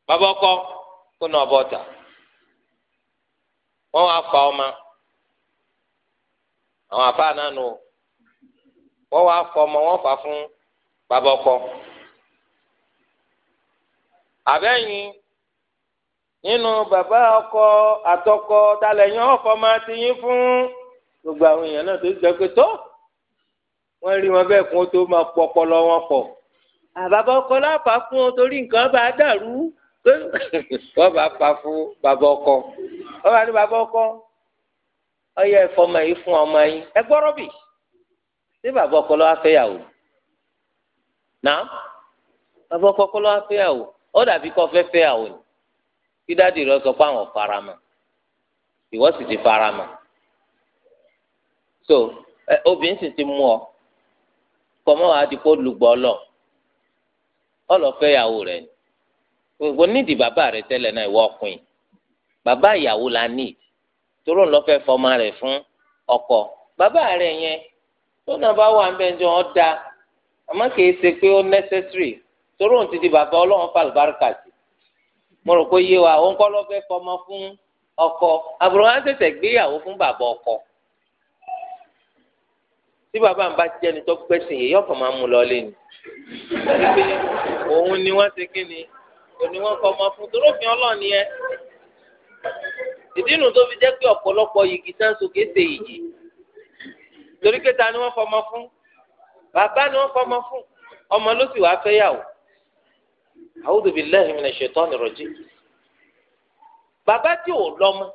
bàbá ọkọ kó náà bọ́ta wọ́n wá fa ọmọ àwọn àfáà náà nù wọ́n wá fọ ọmọ wọ́n fà fún bàbá ọkọ àbẹ́yìn nínú bàbá ọkọ àtọkọ talẹ̀yìn ọ̀fọ̀ máa ti yín fún gbogbo àwọn èèyàn náà tó jẹ́ pé tó wọ́n rí wọn bẹ́ẹ̀ kún ó tó máa pọ ọpọlọ wọn pọ̀ àbàbà ọkọ láàfà fún un torí nǹkan bá dàrú wọ́n bá pa fún bàbá wọ́n bá ní bàbá ọkọ ọyẹ ẹ̀fọ́mọ yìí fún ọmọ yín ẹ gbọ́rọ̀ bì ṣé bàbá ọkọ ló wá fẹ́yàwó náà bàbá ọkọ kọ́ ló wá fẹ́yàwó ó dàbí kọ́ fẹ́ fẹ́yàwó ni kí dáàdì rẹ sọ pé farama ìwọ sì ti farama so obìnrin sì ti mú ọ kọ́mọ́ wàá di kó lùgbọ́ lọ ọlọ́fẹ́yàwó rẹ ni gbogbo nídìí bàbá rẹ tẹ́lẹ̀ náà ìwọ ọkùnrin bàbá ìyàwó la ní toró ńlọ fẹ́ fọmọ rẹ̀ fún ọkọ bàbá rẹ̀ yẹn tó náà bá wà nbẹ jọ ọ da àmọ́ kìí ṣe pé ó necessary toró ń ti di bàbá ọlọ́run fàlùbáríkà sí mo rò pé yé wa òun kọ́ lọ́ fẹ́ fọmọ fún ọkọ àbúrò tẹ̀sẹ̀ gbéyàwó fún bàbá ọkọ tí bàbá mi bá jẹni tó gbẹ́sìn yìí yọ̀ọ̀kan máa mú lọ lẹ́nu òun ni wọ́n ṣe kí ni òun ni wọ́n fọmọ fún torófin ọlọ́ọ̀ni yẹn ìdí nu tó fi jẹ́ pé ọ̀pọ̀lọpọ̀ yìgì tán sókè ṣe yìgì torí pé ta ni wọ́n fọmọ fún bàbá ni wọ́n fọmọ fún ọmọ ló sì wàá fẹ́ yàwó a'udhu billahi minash shaitani rajim bàbá tí ò lọ́mọ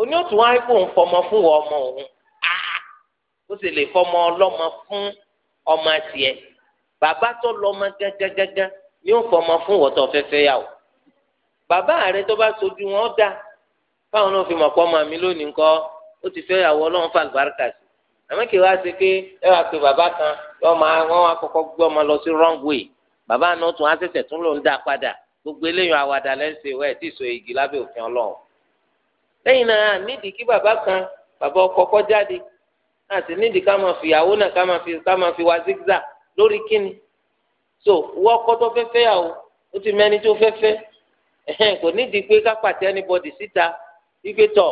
oní òtún wáyé kó ń fọmọ fún wọ ọmọ òun ó sì lè fọmọ ọlọ́mọ fún ọmọ tiẹ̀ bàbá tó lọ́mọ gángan ni ó fọmọ fún wọ́tọ̀ fẹ́fẹ́ yàwó bàbá rẹ tó bá sojú wọn dá fáwọn náà fi mọ̀ pọ́ máa mi lónìí ńkọ́ ó ti fẹ́ yàwó ọlọ́run fún àlùbáríkà sí àmọ́ kí wàá ṣe pé ẹ wàá pe bàbá kan wọ́n máa wọ́n gbé ọmọ lọ sí wrong way bàbá náà tún á ṣẹ̀ṣẹ̀ tún ló ń dá padà gbogbo eléyìí àwàdà lẹ́sẹ̀ wẹ́ẹ̀ tí ì so igi lábẹ́ òfin ọlọ́run lẹ́yìn náà nídìí kí bàbá kan bàbá ọkọ kọ́ jáde àti nídìí ká máa fi náà ká máa fi wá zigzag lórí kíni so wọ́n kọ́ tó fẹ́ fẹ́ yàwó ó kò ní nídìí pé kápàtẹ́ anybody síta wípé tọ̀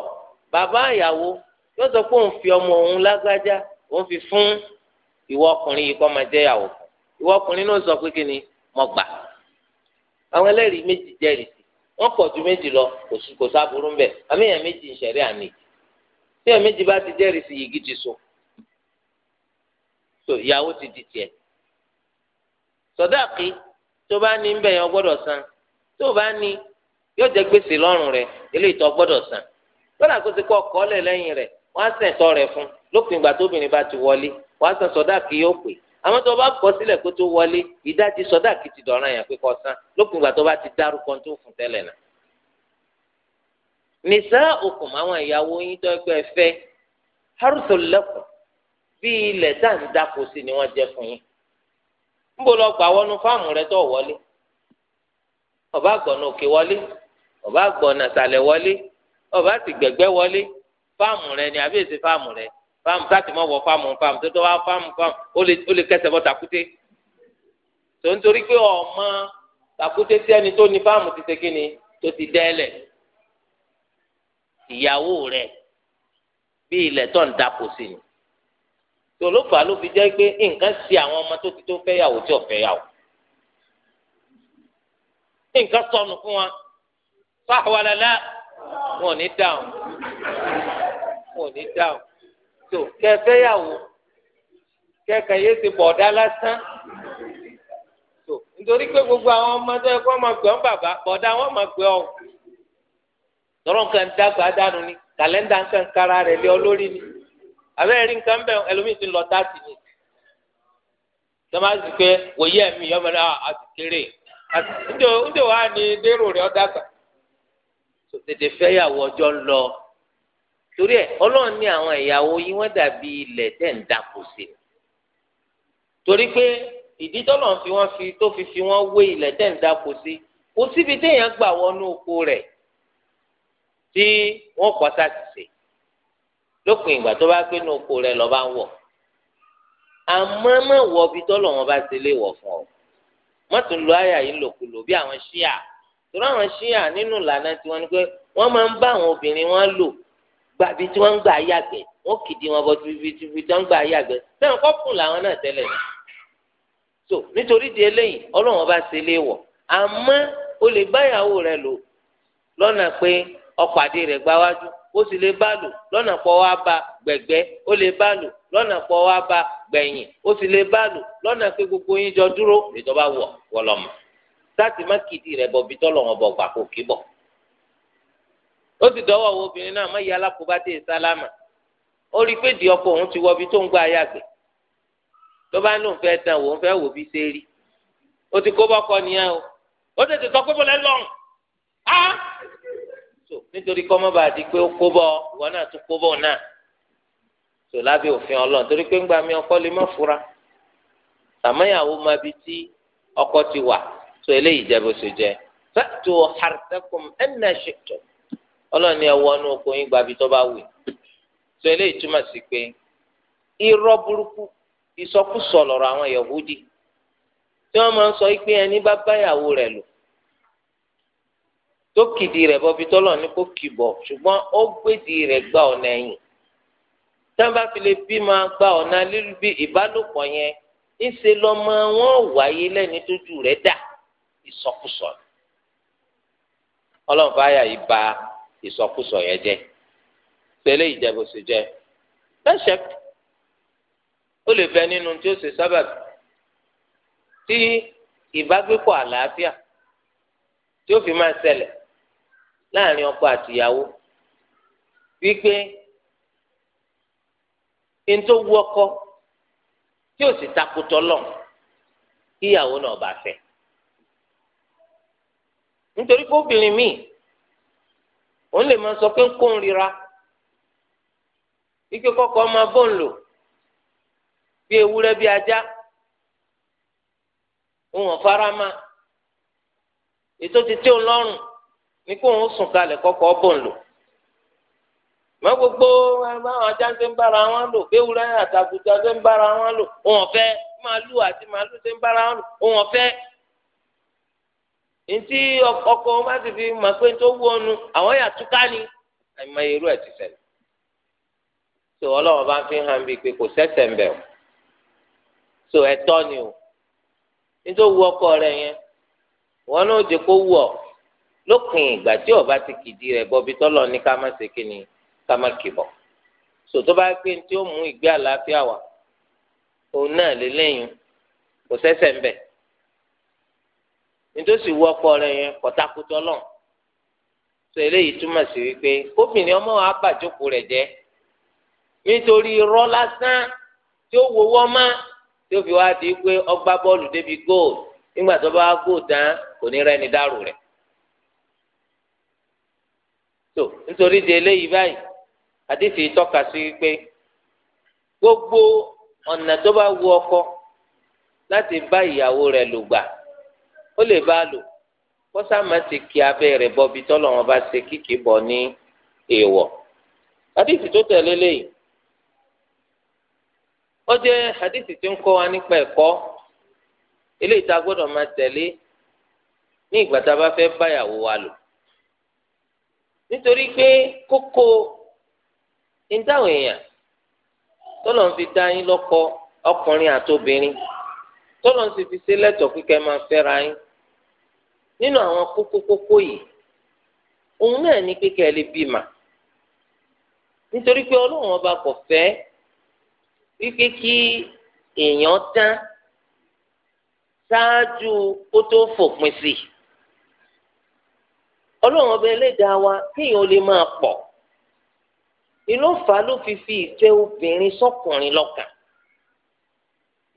bàbá ìyàwó yóò sọ pé òun fi ọmọ òun lágbájá òun fi fún ìwọ ọkùnrin yìí kọ́ máa jẹ́ ìyàwó ìwọ ọkùnrin náà sọ pé kí ni mo gbà àwọn ẹlẹ́rìí méjì jẹ́rìí sí wọ́n pọ̀ ju méjì lọ kò sáburú ń bẹ̀ àmì èèyàn méjì ń ṣẹ̀rí àní tí èèyàn méjì bá ti jẹ́rìí sí yìí ti so so ìyàwó ti di tiẹ̀ sọdáàkì tó bá ní ń bẹ̀ yẹn gbọ́dọ̀ san tó o bá ní yóò jẹ gbèsè lọ́rùn rẹ eléyìí tó gbọ́dọ̀ san lọ́dà kó ti kọ́ ọkọ́ lẹ̀ lẹ́yìn rẹ̀ wọ́n á sẹ̀tọ́ rẹ̀ fún lópin ìgbà tóbìnrin bá ti wọlé wọ́n á san sọ́dà kí yóò pè àwọn tó o bá kọ́ wọlé kí ti pé lópin ìgbà ti dárúkọ tó fún nìṣá àwọn ìyàwó yín tó bí sí ni fún yín. ń ọba àgbọ̀nà òkè wọlé ọba àgbọ̀nà sàlẹ̀ wọlé ọba ti gbẹ̀gbẹ́ wọlé fáàmù rẹ ni àbí èsì fáàmù rẹ fáàmù sáàtì mọ̀ wọ fáàmù fáàmù tó tó wá fáàmù fáàmù ó lè kẹsẹ̀ bọ́ tàkúté tó ń torí pé ọmọ tàkúté tí ẹni tó ní fáàmù ti ṣe kíni tó ti dẹ́lẹ̀ ìyàwó rẹ bí ilẹ̀ tó ń dapò sí ni tòlófà ló fi jẹ́ pé nǹkan ṣe àwọn ọmọ tó ti tó fẹ́ yàwó tí ò fẹ́ yàwó nǹkan sọnù fún wa fáwọlẹ́lẹ́ wọn ò ní dáhùn wọn ò ní dáhùn tó kẹfẹ́yàwó kẹkẹ yé ti bọ̀dá lásán tó nítorí pé gbogbo àwọn ọmọ tó yẹ kó máa gbé ọ́n bàbá bọ̀dá wọn máa gbé ọ́n tọrọ nǹkan ni kàlẹ́ndà nǹkan nkara rẹ̀ lé ọ ni àbẹ́rẹ́ rí nǹkan bẹ́ẹ̀ ẹlòmíì ti lọ tá a ti ní tọ́másì pé wòye ẹ̀mí àti kéré ǹjẹ́ ǹjẹ́ wàá ní dérò rẹ̀ ọ́ dàgbà tó tètè fẹ́yàwó ọjọ́ ń lọ torí ẹ ọlọ́run ní àwọn ìyàwó yìí wọ́n dàbí ilẹ̀ tẹ̀ ń dàpò sí i torí pé ìdí tọ́lọ̀ fi wọ́n fi tó fi fi wọ́n wé ilẹ̀ tẹ̀ ń dàpò sí kò síbi téèyàn gbà wọnú oko rẹ̀ tí wọ́n kọ́ sàtìsẹ́ lópin ìgbà tó bá gbé nú oko rẹ̀ lọ́ba ń wọ̀ àmọ́ mọ̀ wọ ibi tọ́lọ̀ wọn bá ti lè wọ̀ fún ọ wọ́n tún lo àyà yìí lòkulò bí àwọn ṣíà torí àwọn ṣíà nínú ìlànà tiwọn ni pé wọ́n máa ń bá àwọn obìnrin wọn lò gbàbí tí wọ́n ń gbà yàgbẹ́ wọ́n kìdí wọn bọ́ tubi tubi tí wọ́n ń gbà yàgbẹ́ sẹ́wọ̀n kọ́kùn làwọn náà tẹ́lẹ̀ so nítorí di eléyìí ọlọ́wọ́n bá ṣe lé wọ̀ àmọ́ o lè báyàwó rẹ lò lọ́nà pé ọ̀pàdé rẹ̀ gbáwájú ó sì lè bá lò lọ́nà pọ̀ wá ba gbẹ̀gbẹ́ ó lè bá lò lọ́nà pọ̀ wá bá gbẹ̀yìn ó sì lè bá lò lọ́nà pé gbogbo yín jọ dúró ìjọba wọ̀ wọlọ́mọ sáàtì má kìdí rẹ̀ bọ̀ bí tọ́lọ̀ wọn bọ̀ gbà kó kí bọ̀ ó sì dọ́wọ́ wo obìnrin náà má yẹ alákòóbá tẹ̀ sálámà ó rí i pé di ọkọ òun ti wọ ibi tó ń gbà yàgbẹ́ tó bá ní fẹ́ dán wò fẹ́ wò bí ṣe ó ti kó bọ́kọ nìyẹn o ó tètè sọ pé mo lẹ́ nítorí kọ́mọ́bà di kó bọ́ ìwọ tó lábẹ́ òfin ọlọ́run torí pé ńgbà mi ọkọ lè má fura tàmáyàwó máa bi tí ọkọ ti wà tó eléyìí jẹ́ bó ṣe jẹ́ fẹ́tò hartakum ẹnna ṣètò ọlọ́run ni ẹwọ́ inú oko yín gbàbí tó bá wù tó eléyìí túmọ̀ sí pé irọ́ burúkú ìsọkúsọ lọ̀rọ̀ àwọn yahudi tí wọ́n máa ń sọ pé ẹni bá báyàwó rẹ̀ lò tó kìdí rẹ̀ bọ́bi tọ́lọ̀ ní kó kìbọ̀ ṣùgbọ́n ó gbèdì rẹ̀ gbà ọ̀nà ẹ̀yìn tí wọn bá fi lè bí máa gba ọ̀nà lílu bí ìbálòpọ̀ yẹn ńṣe lọ́mọ wọn wáyé lẹ́ni tójú rẹ̀ dà ìsọkúsọ ọlọ́run fàáyà yìí ba ìsọkúsọ yẹn jẹ́ tẹ́lẹ̀ ìjẹ́bù sì jẹ́ lẹ́sẹ̀ ó lè bẹ nínú tí ó ṣe sábàbí tí ìbágbépọ̀ àlàáfíà tí ó fi máa ṣẹlẹ̀ láàrin ọkọ àtìyàwó wípé. ntó wu ọkọ tí o sì takutọ lọ kíyàwó náà bá fẹ́ nítorí pé obìnrin míì òun lè máa sọ pé ń kó ń rira ike kọkọ máa bọ̀ lò bí ewúrẹ́ bí ajá òun ọ̀fara ma ètò ti tí òun lọ́rùn ní kó òun sùn kalẹ̀ kọkọ bọ̀ lò. mọ gbogbo àwọn ajá ṣe ń bára wọn lò gbéwúrẹ́ àtàkùtà ṣe ń bára wọn lò òun ọ̀fẹ́ màálù àti màálù ṣe ń bára wọn lò òun ọ̀fẹ́. ntí ọkọ wọn bá ti fi mọ̀ pé tó wú ọnu àwọn yà túká ni àìmọye irú ẹ̀ ti ṣẹlẹ̀. tó ọlọ́wọ́ bá fi hàn bíi pé kò sẹ́sẹ̀ ń bẹ̀ o tó ẹ̀tọ́ ni o nítorí wú ọkọ rẹ yẹn wọn náà jẹ kó wú ọ lópin ìgbà tí ọba ti kìdí rẹ bọbi tọ́lọ ní ká má ṣe kíni ká má kìbọ̀ sòtó bá pé mu igbe ala ìgbé àlàáfíà wá òun náà lélẹ́yìn kò sẹ́sẹ̀ ń nítòsí wọ ọkọ rẹ yẹn kọ̀tàkùtọ̀ lọ́n sọ eléyìí túmọ̀ sí wípé obìnrin ọmọ wa bàjókòó rẹ̀ jẹ́ nítorí irọ́ lásán tí ó wo wọ́n tí ó fi wá di pé débi góòlù nígbà tó bá tán àdìsí tọ́ka sí pé gbogbo ọ̀nà tó bá wu ọkọ láti bá ìyàwó rẹ̀ lò gbà ó lè bá a lò kó sáàmà ti kí abẹ́ rẹ̀ bọ́bi tọ́lọ̀ wọn bá ṣe kíkì bọ̀ ní èèwọ̀. àdìsí tó tẹ̀lé lẹ́yìn ó jẹ́ àdìsí tí ń kọ́ wa nípa ẹ̀kọ́ eléyìí tá a gbọ́dọ̀ máa tẹ̀lé ní ìgbà tá a bá fẹ́ báyàwó wa lò nítorí pé kókó nítawọn èèyàn tọlọ ń fi dá yín lọ́kọ ọkùnrin àtobìnrin tọlọ ń sì fi ṣe lẹ́tọ̀ọ́ kíkẹ́ máa fẹra yín nínú àwọn kókókókó yìí òun náà ní kíkẹ́ lè bímà nítorí pé ọlọ́run ọba kò fẹ́ wípé kí èèyàn tán ṣáájú kó tó fòpin sí ọlọ́run ọba ẹlẹ́dàá wa kéèyàn lè máa pọ̀. inú fa ló fi fi ìfẹ́ obìnrin sọ́kùnrin lọ́kàn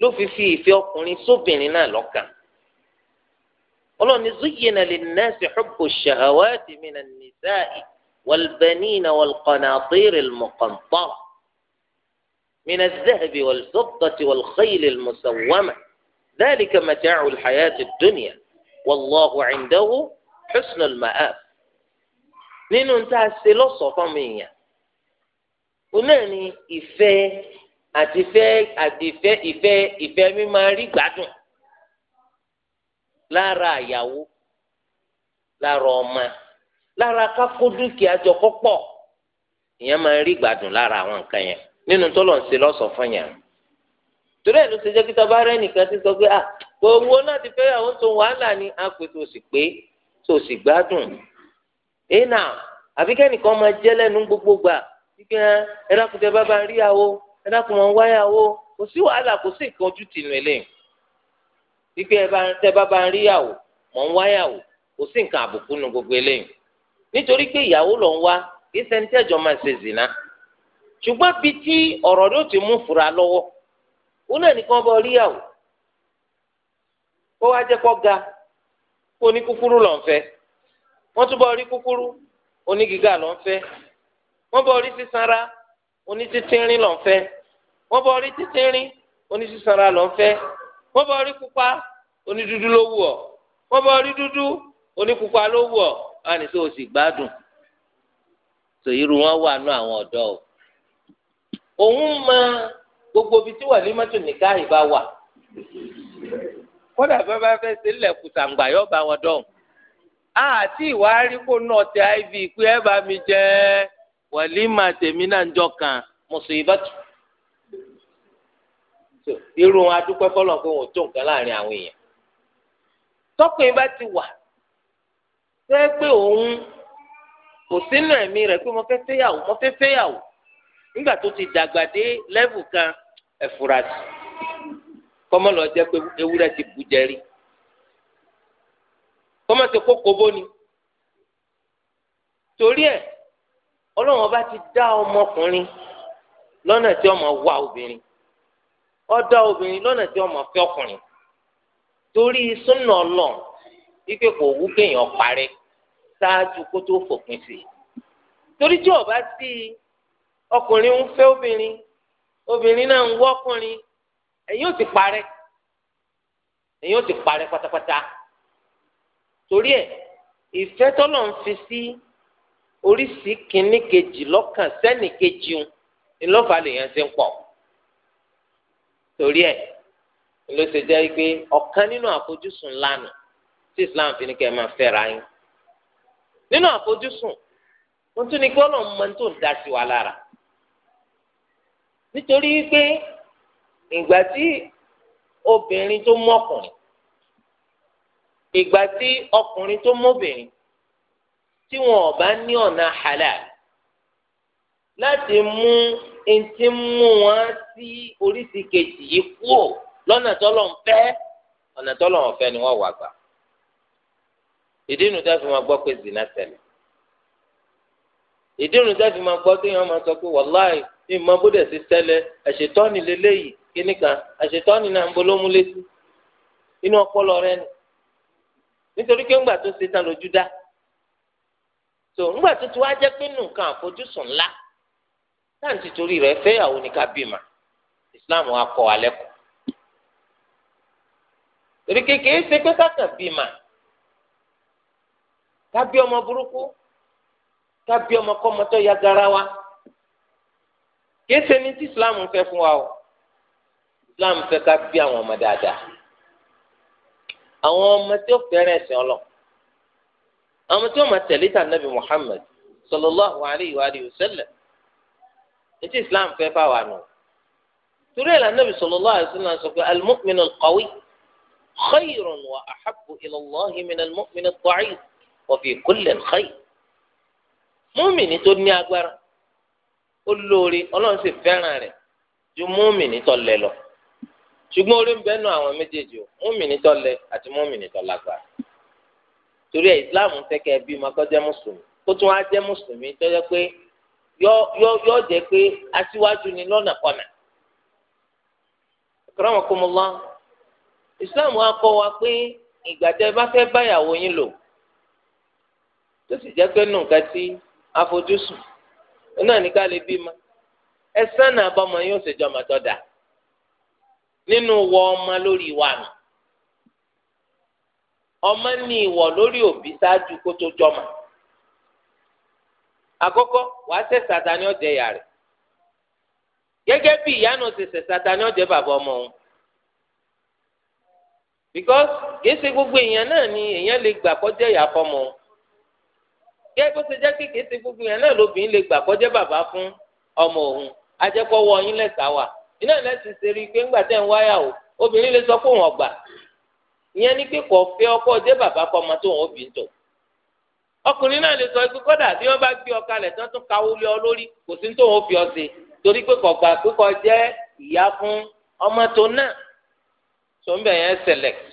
ló fi fi ìfẹ́ ọkùnrin sóbìnrin náà lọ́kàn ọlọ́ni lè zuyyina linnasi hubbu shahawati minan nisa'i والبنين والقناطير المقنطرة من الذهب والفضة والخيل المسومة ذلك متاع الحياة الدنيا والله عنده حسن المآب nínú tá a ṣe lọ́sọ̀ọ́ fún mi yẹn òun náà ni ìfẹ́ àti ìfẹ́ àti ìfẹ́ ìfẹ́ ìfẹ́ mímá rí gbádùn lára àyàwó lára ọmọ lára kákó dúkìá jọ kọ́pọ̀ ìyẹn máa rí gbádùn lára àwọn nǹkan yẹn nínú tó lọ ń ṣe lọ́sọ̀ fún yẹn torí ẹ̀ ló ṣe jẹ́ kí tọ́ba rẹ̀ nìkan ti sọ pé à ah, owó náà ti fẹ́ àwọn tó wàhálà ni a pè tó sì pé tó sì gbádùn èèna àbíkẹ́nìkan máa jẹ́ lẹ́nu gbogbo gbà. ike ẹ dákun tẹ bábà ń ríyàwó ẹ kò sí wàhálà kò sí nǹkan ojú tì ike tẹ bábà ń ríyàwó mọ̀ ń wáyàwó kò sí nǹkan àbùkù gbogbo eléyìí nítorí pé ìyàwó lọ ń wá máa ṣe zìnà bí tí ti mú fura náà nìkan kó wá kó ga kó ní kúkúrú rí kúkúrú wọ́n bọ orí sísanra onísísínrín lọ́n fẹ́ wọ́n bọ orí sísínrín onísísanra lọ́n fẹ́ wọ́n bọ orí pupa onídúdú ló wù ọ́ wọ́n bọ orí dúdú onípupa ló wù ọ́ wọ́n ní sọ òsì gbádùn tòyírú wọn wà nú àwọn ọ̀dọ́ o òun mọ gbogbo ibi tí wàlímọ́tò nìkan ìbá wà kódà bàbá fẹ́ sílẹ̀ kùtàǹgbà yóò bá wọn dọ̀hùn àti ìwà àríkò náà ti iv pé ẹ bá mi jẹ́ wàlímà tèmi náà ń jọ kàn mùsùlùmí irú adúpẹ́ fọlọ́n pé wọ́n tó nǹkan láàrin àwọn èèyàn tọkùnrin bá ti wà tẹ́ pé òun kò sínú ẹ̀mí rẹ̀ pé mo fẹ́ fẹ́yàwó mo fẹ́ fẹ́yàwó nígbà tó ti dàgbà dé lẹ́vù kan ẹ̀fúrasì kọ́mọ́ lọ jẹ́ pé ewúrẹ́ ti bù jẹ́rí kọ́mọ́ ti kó kobó ni torí ẹ̀ ọlọ́run ọba ti dá ọmọkùnrin lọ́nà tí ọmọ wá obìnrin ó dá obìnrin lọ́nà tí ọmọ fẹ́ ọkùnrin torí súnà ọlọ́run wípé kò wú kéèyàn parẹ́ ṣáájú kó tó fòpin sí i torí tí ọba sí ọkùnrin ń fẹ́ obìnrin obìnrin náà ń wọ́ ọkùnrin ẹ̀yin ò ti parẹ́ ẹ̀yin ò ti parẹ́ pátápátá torí ẹ̀ ìfẹ́ tọ́lọ̀ ń fi sí. Si, oríṣi kìíní kejì lọ́kàn sẹ́nì kejì ń ńlọ́fà lèèyàn ṣe ń pọ̀ torí ẹ̀ ló ṣe jẹ́ pé ọ̀kan nínú àfojúsùn lánàá tí Islam fi ní kẹ́ ẹ máa fẹ́ra yín nínú àfojúsùn wọ́n tún ní kí ọlọ́run mọ tó ń dá sí wa lára nítorí pé ìgbà tí obìnrin tó mú ọkùnrin ìgbà tí ọkùnrin tó mú obìnrin tí wọn ò bá ní ọ̀nà halal láti mú etí mú wọn sí oríṣi kejì yìí kúrò lọ́nà tọ́lọ̀ ń fẹ́ ọ̀nà tọ́lọ̀ ń fẹ́ ni wọ́n wà gbà ìdí inú máa gbọ́ pé zina ṣẹlẹ̀ ìdí inú fi máa gbọ́ pé wọ́n máa sọ pé wàláì ní ìmọ̀ bóde sí àṣetọ́ni lélẹ́yìí kíníkan àṣetọ́ni náà ń bolómú létí inú ọpọlọ rẹ ni nítorí tó ṣe so ńgbà tó ti wá jẹ́ pé nǹkan àfojúsùn ńlá táà ti torí rẹ̀ fẹ́yàwó ní ká bímọ islam wa kọ́ alẹ́ kù torí kékeré ṣe pé kákan bímọ ká ọmọ burúkú ká ọmọ kọ́mọ ya gara wa kìí ṣe ní tí islam fẹ́ fún wa o islam fẹ́ ká bí àwọn ọmọ dáadáa àwọn ọmọ tí ó fẹ́ràn ẹ̀sìn ọlọ́run àwọn tí wọ́n máa tẹ̀lé tà nàbì Muhammad sallallahu alayhi wa sallam etí islam fẹ́ fáwọn àná torí ẹ̀ lànà nàbì sallallahu alayhi wa sallam sọ pé al-mu'min khayrun wa ahabbu ila min al-mu'min wa fi kulli khayr múmìnì tó ní agbára ó lóore ọlọ́run sì fẹ́ràn rẹ̀ ju múmìnì tó lẹ lọ ṣùgbọ́n orí ń bẹ́ẹ̀ nù àwọn méjèèjì o múmìnì tó lẹ àti múmìnì tó lágbára. torí ẹ islam ń fẹ́ kẹ́ ẹ bímọ kó mùsùlùmí kó tún wá jẹ́ mùsùlùmí tó pé yọ yọ pé ni islam wa kọ wa pé ìgbà tẹ́ bá fẹ́ báyàwó yín lò tó sì jẹ́ pé nù nǹkan tí àfojúsùn náà ní ká lè bímọ ẹ sànà yóò wọ ọmọ lórí nù ọmọ ní ìwọ lórí òbí ṣáájú kó tó jọmọ àkọ́kọ́ wàá ṣe sàtàní ọjẹ ìyá rẹ gẹ́gẹ́ bí ìyá náà ṣe ṣe sàtàní ọjẹ bàbá ọmọ òun because kìí gbogbo èèyàn náà ni èèyàn lè gbà kọjá ìyá fọmọ òun bó gbogbo èèyàn náà lóbìnrin lè gbà kọjá bàbá fún ọmọ òun wà iná ṣe rí o obìnrin lè sọ fóun ìyẹn ni pé kò fẹ́ ọkọ dé bàbá kọ ọmọ tó wọn bí ń tò ọkùnrin náà lè sọ pé kódà tí wọn bá gbé ọ kalẹ̀ tán tún kawó lé ọ lórí kò sí tó wọn fi ọ sí torí pé kò gbà pé kò jẹ́ ìyá fún ọmọ tó náà tó ń bẹ yẹn select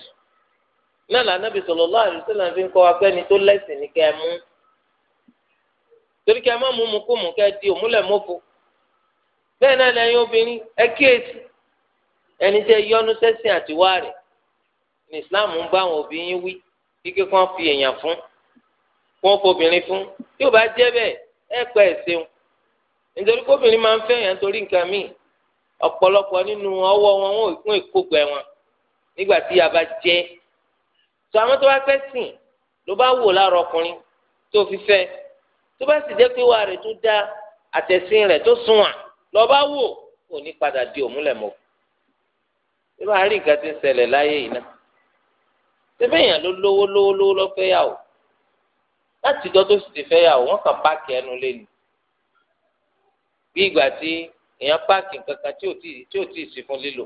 náà lànàbì sallallahu alaihi wasallam fi ń kọ́ afẹ́ni tó lẹ́sìn ní kẹ́ ẹ mú torí kẹ́ ẹ má ní islam ń bá àwọn òbí yín wí kíkẹ́ kí wọ́n fi èèyàn fún kí wọ́n fobìnrin fún tí ò bá jẹ́ bẹ́ẹ̀ ẹ pẹ́ ẹ̀ ṣeun nítorí kóbìnrin máa ń fẹ́ èèyàn torí nǹkan míì ọ̀pọ̀lọpọ̀ nínú ọwọ́ wọn wọn ò kún ìkógbẹ wọn nígbà tí a bá jẹ́ tó àwọn tó bá fẹ́ sìn ló bá wò lára ọkùnrin tó fi fẹ́ tó bá sì jẹ́ pé wà rẹ̀ tó dá àtẹ̀sìn rẹ̀ tó sunwọ̀n lọ́ọ́ bá wò kò ní padà di òmùlẹ̀ mọ́ bí nǹkan tí ń ṣẹlẹ̀ láyé yìí náà síbẹ̀ èèyàn ló lówó lówó lówó ló fẹ́ yàwó láti ìjọ tó sì ti fẹ́ yàwó wọ́n kàn páàkì ẹnu lé ni bí ìgbà tí èèyàn páàkì kankan tí ò tí tí ò tí ì sí fún lílò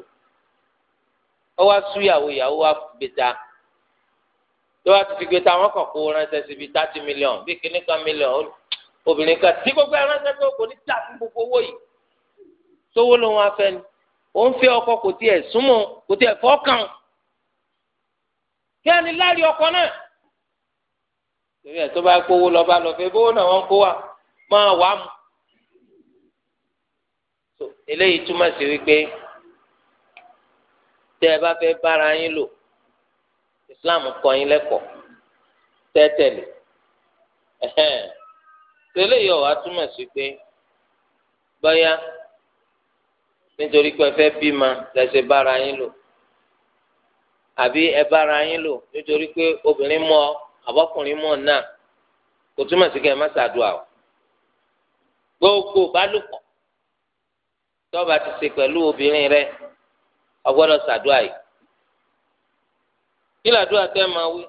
ó wá sú yàwó yàwó wá gbèta tó wá ti fi gbèta wọ́n kàn kó ránṣẹ́ síbi thirty million bí kìíní kan million obìnrin kan tí gbogbo ránṣẹ́ pé kò ní tà fún gbogbo owó yìí sówó ló wọn fẹ́ ni òun fẹ́ ọkọ kò tiẹ̀ súnmọ́ kò tiẹ̀ fọ́ kàn án kí á ní láàrin ọkọ náà torí ẹ̀ tó bá kówó lọ́ba lọ́fẹ́ bówó náà wọ́n kó wa máa wà mú. eléyìí túmọ̀ sí wípé tẹ́ ẹ bá fẹ́ bára yín lò Islam kọ́ yín lẹ́kọ̀ọ́ tẹ́tẹ̀lé eléyìí ọ̀wá túmọ̀ sí pé báyà nítorí pé ẹ fẹ́ bímọ lẹ́sẹ̀ bára yín lò. àbí ẹ bára yín lò nítorí pé obìnrin mọ àbọkùnrin mọ náà kò túmọ̀ sí kẹ́ ẹ má ṣàdúrà o gbogbo ti ṣe pẹ̀lú obìnrin rẹ ọgbọ́dọ̀ ṣàdúrà yìí kí làdúrà tẹ́ máa wí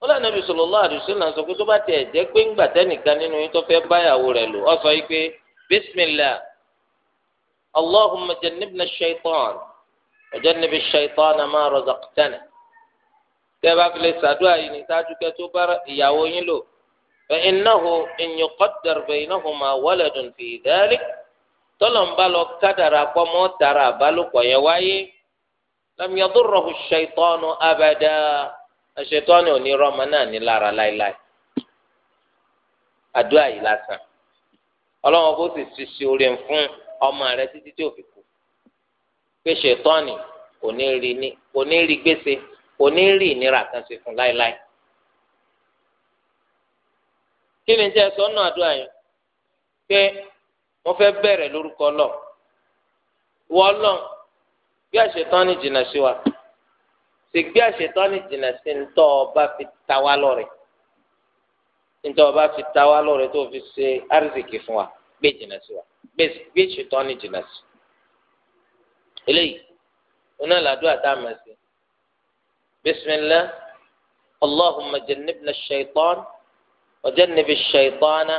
ó lànà bí sallallahu sọ pé tó bá pé tẹ́nìkan nínú yín tó fẹ́ báyàwó rẹ̀ lò وجنب الشيطان ما رزقتنا tẹ́ẹ̀bá fi lè ṣàdúrà yìí ní ṣáájú kẹ́ tó bá ìyàwó yín lò fa innahu in yuqaddar baynahuma waladun fi dhalik tọ́lọ̀ ń bá lọ kádàrà pọ́mọ́ tààrà àbálòpọ̀ yẹn wáyé lam yadurruhu ash-shaytanu abada ash-shaytanu onírọ́mọ náà ní lára láéláé àdúrà yìí lásán ọlọ́wọ́n bó sì ṣiṣẹ́ orin fún ọmọ rẹ títí tí ò fi pé ṣètọ́ni kò ní rí gbèsè kò ní rí ìnira kan ṣe fún láéláé. kí ni jẹ́ sọ́nà àdúrà yẹn pé mo fẹ́ bẹ̀rẹ̀ lórúkọ lọ wọ́n lọ bí àṣetọ́ni jìnnà sí wa sì gbé àṣetọ́ni jìnnà sí ntọ́ ọba fi ta wá lọ́rẹ̀ ntọ́ ọba fi ta wá lọ́rẹ̀ tó fi ṣe àrísìkì fún wa gbé jìnnà sí wa gbé ṣetọ́ni jìnnà sí wa eléyìí oná làdúrà tá a máa ṣe bisimilá allahumma jannibna shaitan wa jannibi shaitana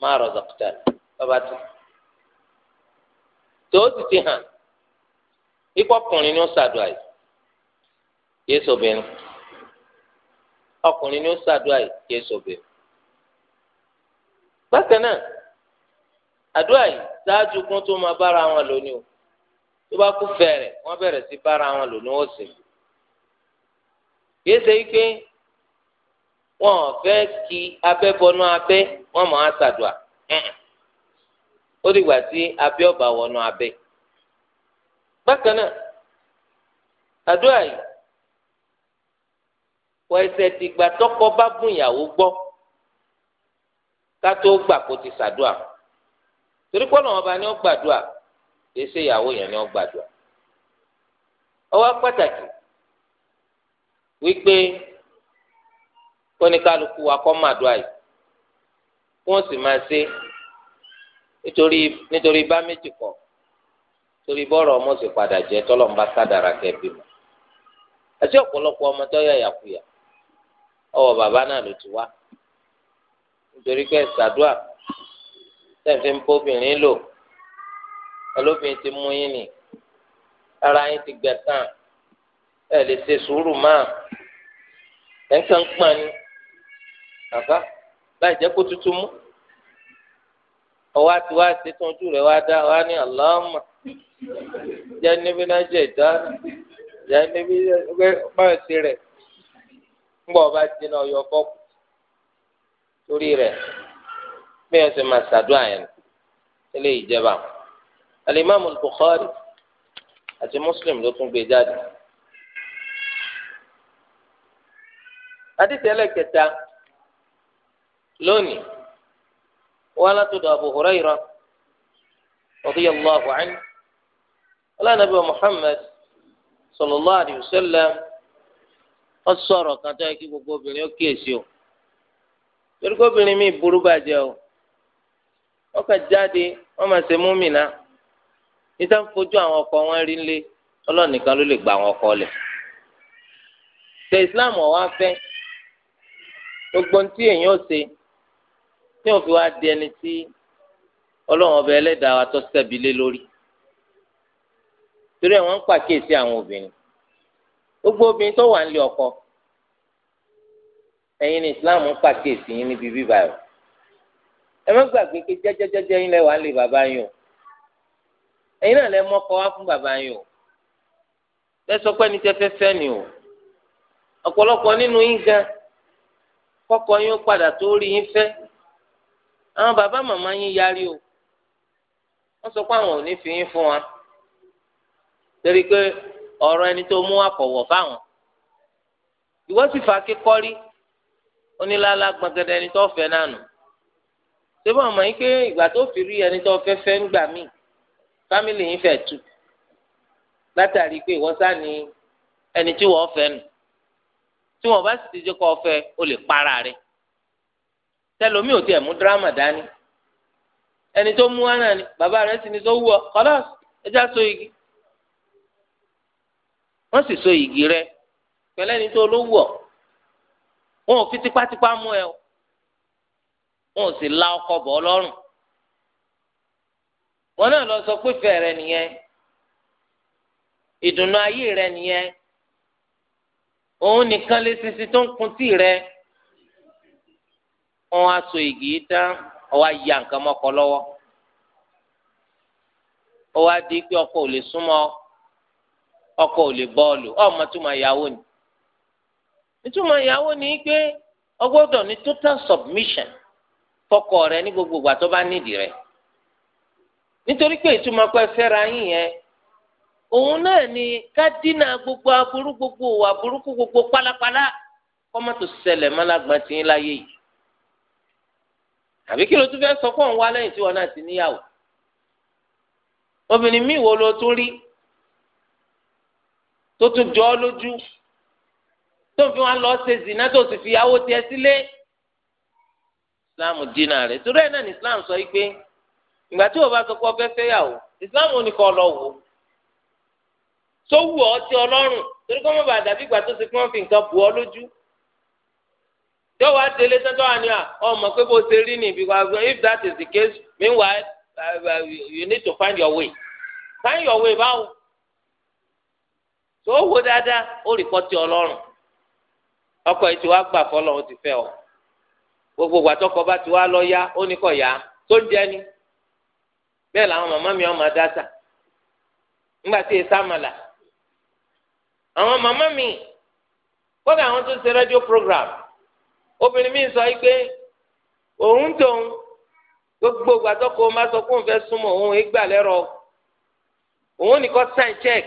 ma razaqtana bàbá tó tó ti ti hàn ikú ọkùnrin ni ó ṣàdúrà yìí kìí sóbìnrin ọkùnrin ni ó ṣàdúrà yìí kìí sóbìnrin bákan náà àdúrà yìí ṣáájú kún tó máa bára wọn lónìí o tó bá kú fẹ̀rẹ̀ wọ́n bẹ̀rẹ̀ sí bára wọn lò ní òsè kìí ṣe pé wọn ò fẹ́ kí abẹ́ bọnú abẹ́ wọ́n mọ̀ á ṣàdùà ó dìgbà tí abẹ́ ọ̀bà wọnú abẹ́ bákan náà àdúrà yìí wọ ẹsẹ̀ tìgbà tọ́kọ bá bùn ìyàwó gbọ́ ká tó gbà kó ti ṣàdùà torí pọ́nà ọba ni ó gbàdùà. kéésì ìyàwó yẹn ni wọ́n gbàdúrà ọwọ́ pàtàkì wípé kóníkálukú wa kọ́ máa dùn àyè kí wọ́n sì máa ṣe nítorí bá méjì torí ọmọ sì padà jẹ́ tọ́lọ̀ ń kẹ́bí mọ́ àti ọ̀pọ̀lọpọ̀ ọmọ tó yà yàkuyà ọwọ́ bàbá náà ló ti olóbìnrin ti mú yín nì ara yín ti gbẹ tán ẹ lè ṣe sùúrù máa ẹ ń pọn ni bàbá láì jẹ́ kó tuntun mú ọwọ́ àti wá ṣe rẹ̀ wá dá wá ní aláàmà jẹ́ níbi náà jẹ́ ìdá jẹ́ níbi pé ṣe rẹ̀ ńgbọ́ ọba ọyọ torí rẹ̀ bí ṣe máa ṣàdúrà yẹn alimami Bukhari àti Muslim ló tún gbé jáde aditẹ ẹlẹ́kẹta lónìí wọn alátúndọ̀ Abu Hurairah radiyallahu anhu ọlọ́nàbí Muhammad sallallahu alayhi wa sallam wọ́n sọ̀rọ̀ kan tó yẹ kí gbogbo obìnrin ó kíyèsí o torí kó obìnrin mi burú bàjẹ́ o wọ́n kàn jáde wọ́n máa ṣe múmìnà níta ń fojú àwọn ọkọ wọn rí lé ọlọ́run nìkan ló lè gba àwọn ọkọ lẹ̀ ṣe islam ọ̀wá fẹ́ gbogbo ohun tí èèyàn ò ṣe tí òun fi wá di ẹni tí ọlọ́run ọba ẹlẹ́dàá wa tó ṣẹ̀bi lé lórí torí ẹ̀ wọ́n ń pàkíyèsí àwọn obìnrin gbogbo obìnrin tó wà nílé ọkọ ẹ̀yin ní islam ń pàkíyèsí yín níbi bíbá ẹ̀ ẹ má gbàgbé pé jẹ́jẹ́jẹ́jẹ́ yín lẹ́wàá lè bàbá yín o ẹ̀yin náà lẹ mọ́kọ wá fún bàbá yín o lẹ́sọ pé ní tẹ́fẹ́fẹ́ ni o ọ̀pọ̀lọpọ̀ nínú yín gan kọ́kọ yín ó padà tó rí yín fẹ́ àwọn bàbá màmá yín yarí o wọ́n sọ pé àwọn ò ní fi yín fún wa torí pé ọ̀rọ̀ ẹni tó mú àpọ̀wọ̀ fáwọn ìwọ sì fà kíkọ́rí onílàlà gbọ̀ngẹ̀dẹ̀ ẹni tó fẹ́ nánu ṣé bọ́n mọ̀ yín pé ìgbà tó fi rí ẹni tó fẹ́ fẹ́ ń gbà míì fámìlì yín fẹ́ tú látàrí pé ìwọ sá ni ẹni tí wọ́n fẹ́ nù tí wọ́n bá sì ti jẹ́ kó fẹ́ o lè para rẹ̀ tẹlomi ò tiẹ̀ mú dírámà dání ẹni tó mú wánà ni bàbá rẹ̀ sì ni tó wú ọ kọ́lọ́s ẹja so igi wọ́n sì so igi rẹ̀ pẹ̀lú ẹni tó ló wú ọ wọn ò fi tipátipá mú ẹ o wọn ò sì la ọkọ bọ̀ ọ lọ́rùn. wọn náà lọ sọ pé fẹ́ rẹ nìyẹn ìdùnnú ayé rẹ nìyẹn òun nìkan lè sisi tó ń kun tí rẹ wọn á so igi tán ọwọ́ ayé nǹkan mọ́kọ lọ́wọ́ ọwọ́ adi pé ọkọ ò lè súnmọ́ ọkọ ò lè bọ́ọ̀lù ọmọ tó máa yàwó ni ìtumọ̀ ìyàwó ni pé ọgbọ́dọ̀ ní total submission fọkọ rẹ ní gbogbo ìgbà tó bá nídìí rẹ̀. nítorí pé ìtumọ̀ pé fẹ́ra yín yẹn òun náà ni ká dínà gbogbo aburú gbogbo wà burúkú gbogbo pálapàla kọ́mọ́tò ṣẹlẹ̀ málágbọ́n tí ń láyé yìí àbí kí ló tún fẹ́ sọ fún òun wá lẹ́yìn tí wọn náà ti níyàwó obìnrin míì wo ló tún rí tó tún jọ ọ́ lójú tó ń fi wọn lọ ṣe zina tó sì fi yàwó tiẹ̀ sílé islam dínà rẹ̀ torí ẹ̀ náà ní islam sọ yìí pé ìgbà tí o bá sọ pé ọfẹ́ fẹ́yàwó islam ò ní kọ́ lọ wò tó wù ọ ti ọlọ́run torí kọ́ mọ̀ bá dàbí ìgbà tó ṣe kí wọ́n fi nǹkan bù ọ lójú tó wàá délé tó wà ní à pé bó ṣe rí ni because if that is the case meanwhile uh, uh you need to find your way find your way báwo tó wò dáadáa ó rí kọ́ ti ọlọ́run ọkọ yìí ti wá gbà fọlọ́ ó ti fẹ́ ọ gbogbo ìgbà tọkọ bá ti wá lọ yá ó ní kọ̀ yá tó ń jẹ ni. bẹ́ẹ̀ làwọn màmá mi ọmọ dáta ńgbà tí èsì àmàlà àwọn màmá mi kódà àwọn tó program obìnrin mi sọ pé òun tóun gbogbo gbàtọ́kọ má sọ pé òun fẹ́ súnmọ́ òun ìgbà lẹ́rọ òun nìkan sign check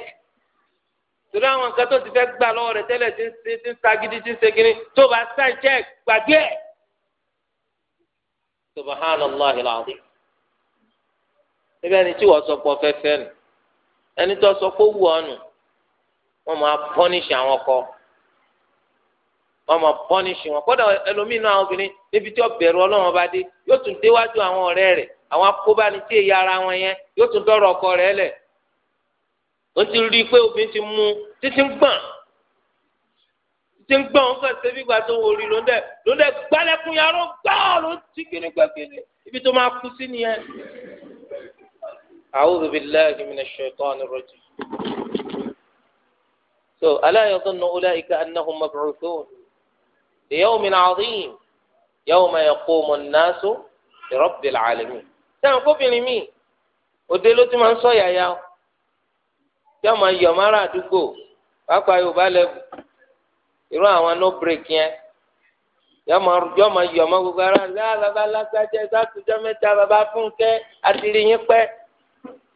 torí àwọn nǹkan tó ti fẹ́ gbà lọ́wọ́ rẹ̀ tẹ́lẹ̀ ti ń níbi ẹni tí wọ́n sọ pé ọ̀fẹ́fẹ́ nù ẹni tó sọ pé ó wù ọ́ nù wọ́n máa pọ́níṣì àwọn ọkọ wọ́n máa pọ́níṣì wọn kódà ẹlòmínú àwọn obìnrin níbi tí ọ̀bẹ̀rù ọlọ́wọ́n bá dé yóò tún déwájú àwọn ọ̀rẹ́ rẹ̀ àwọn akóbáni tí èyí ara wọn yẹn yóò tún dọ́rọ̀ ọkọ rẹ̀ lẹ̀ ó ti rí i pé obìnrin ti mú títí ń gbọ̀n ti ń gbọ́n fẹ́ sẹ́bí gba tó ń dẹ ló ń dẹ yàrá gbọ́ ló ti kíni pé kíni ibi tó máa kú sí nìyẹn أعوذ بالله من الشيطان الرجيم so, ألا يظن أولئك أنهم مبعوثون ليوم عظيم يوم يقوم الناس لرب العالمين sẹ́wọ̀n kóbìnrin míì òde ló ti máa ń sọ yàyà ó tí wọ́n máa yọ̀ mọ́ra àdúgbò pápá yorùbá lẹ́bù irú àwọn no break yẹn yọ ma yọ ma yọ ma gbogbo ara ẹ bàbá alágbájá ẹ sàtúnjọ mẹ́ta bàbá fúnkẹ́ àtìrí yín pẹ́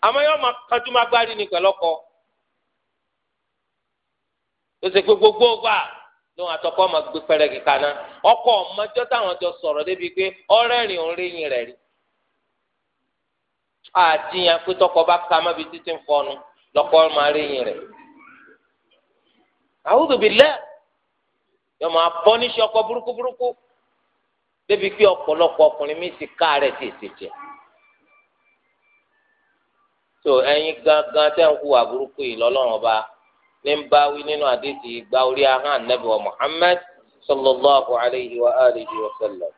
àmọ́ yóò máa kájú máa gbárí ni pẹ̀lú ọkọ tó ṣe pé gbogbo gbà lóhun àtọkọ ọmọ gbé pẹrẹ kíkà náà ọkọ ọmọjọ táwọn jọ sọ̀rọ̀ débi pé ọrẹrin òun rí yin rẹ rí àtìyàn pé tọkọ bá ka má bi títí ń fọnu lọkọ máa rí yin rẹ àwùjọ bíi lẹ yóò máa bọ́ níṣẹ́ ọkọ burúkú burúkú débi pé ọ̀pọ̀lọpọ̀ ọkùnrin mi ti ká rẹ̀ tètè jẹ́ so ẹ̀yin gangan tẹ́ ń hùwà burúkú yìí lọ́lọ́run ọba ní ń bá wí nínú àdéhìí gba orí ahọ́n ànábì wa Muhammad sallallahu alayhi wa alihi wa sallam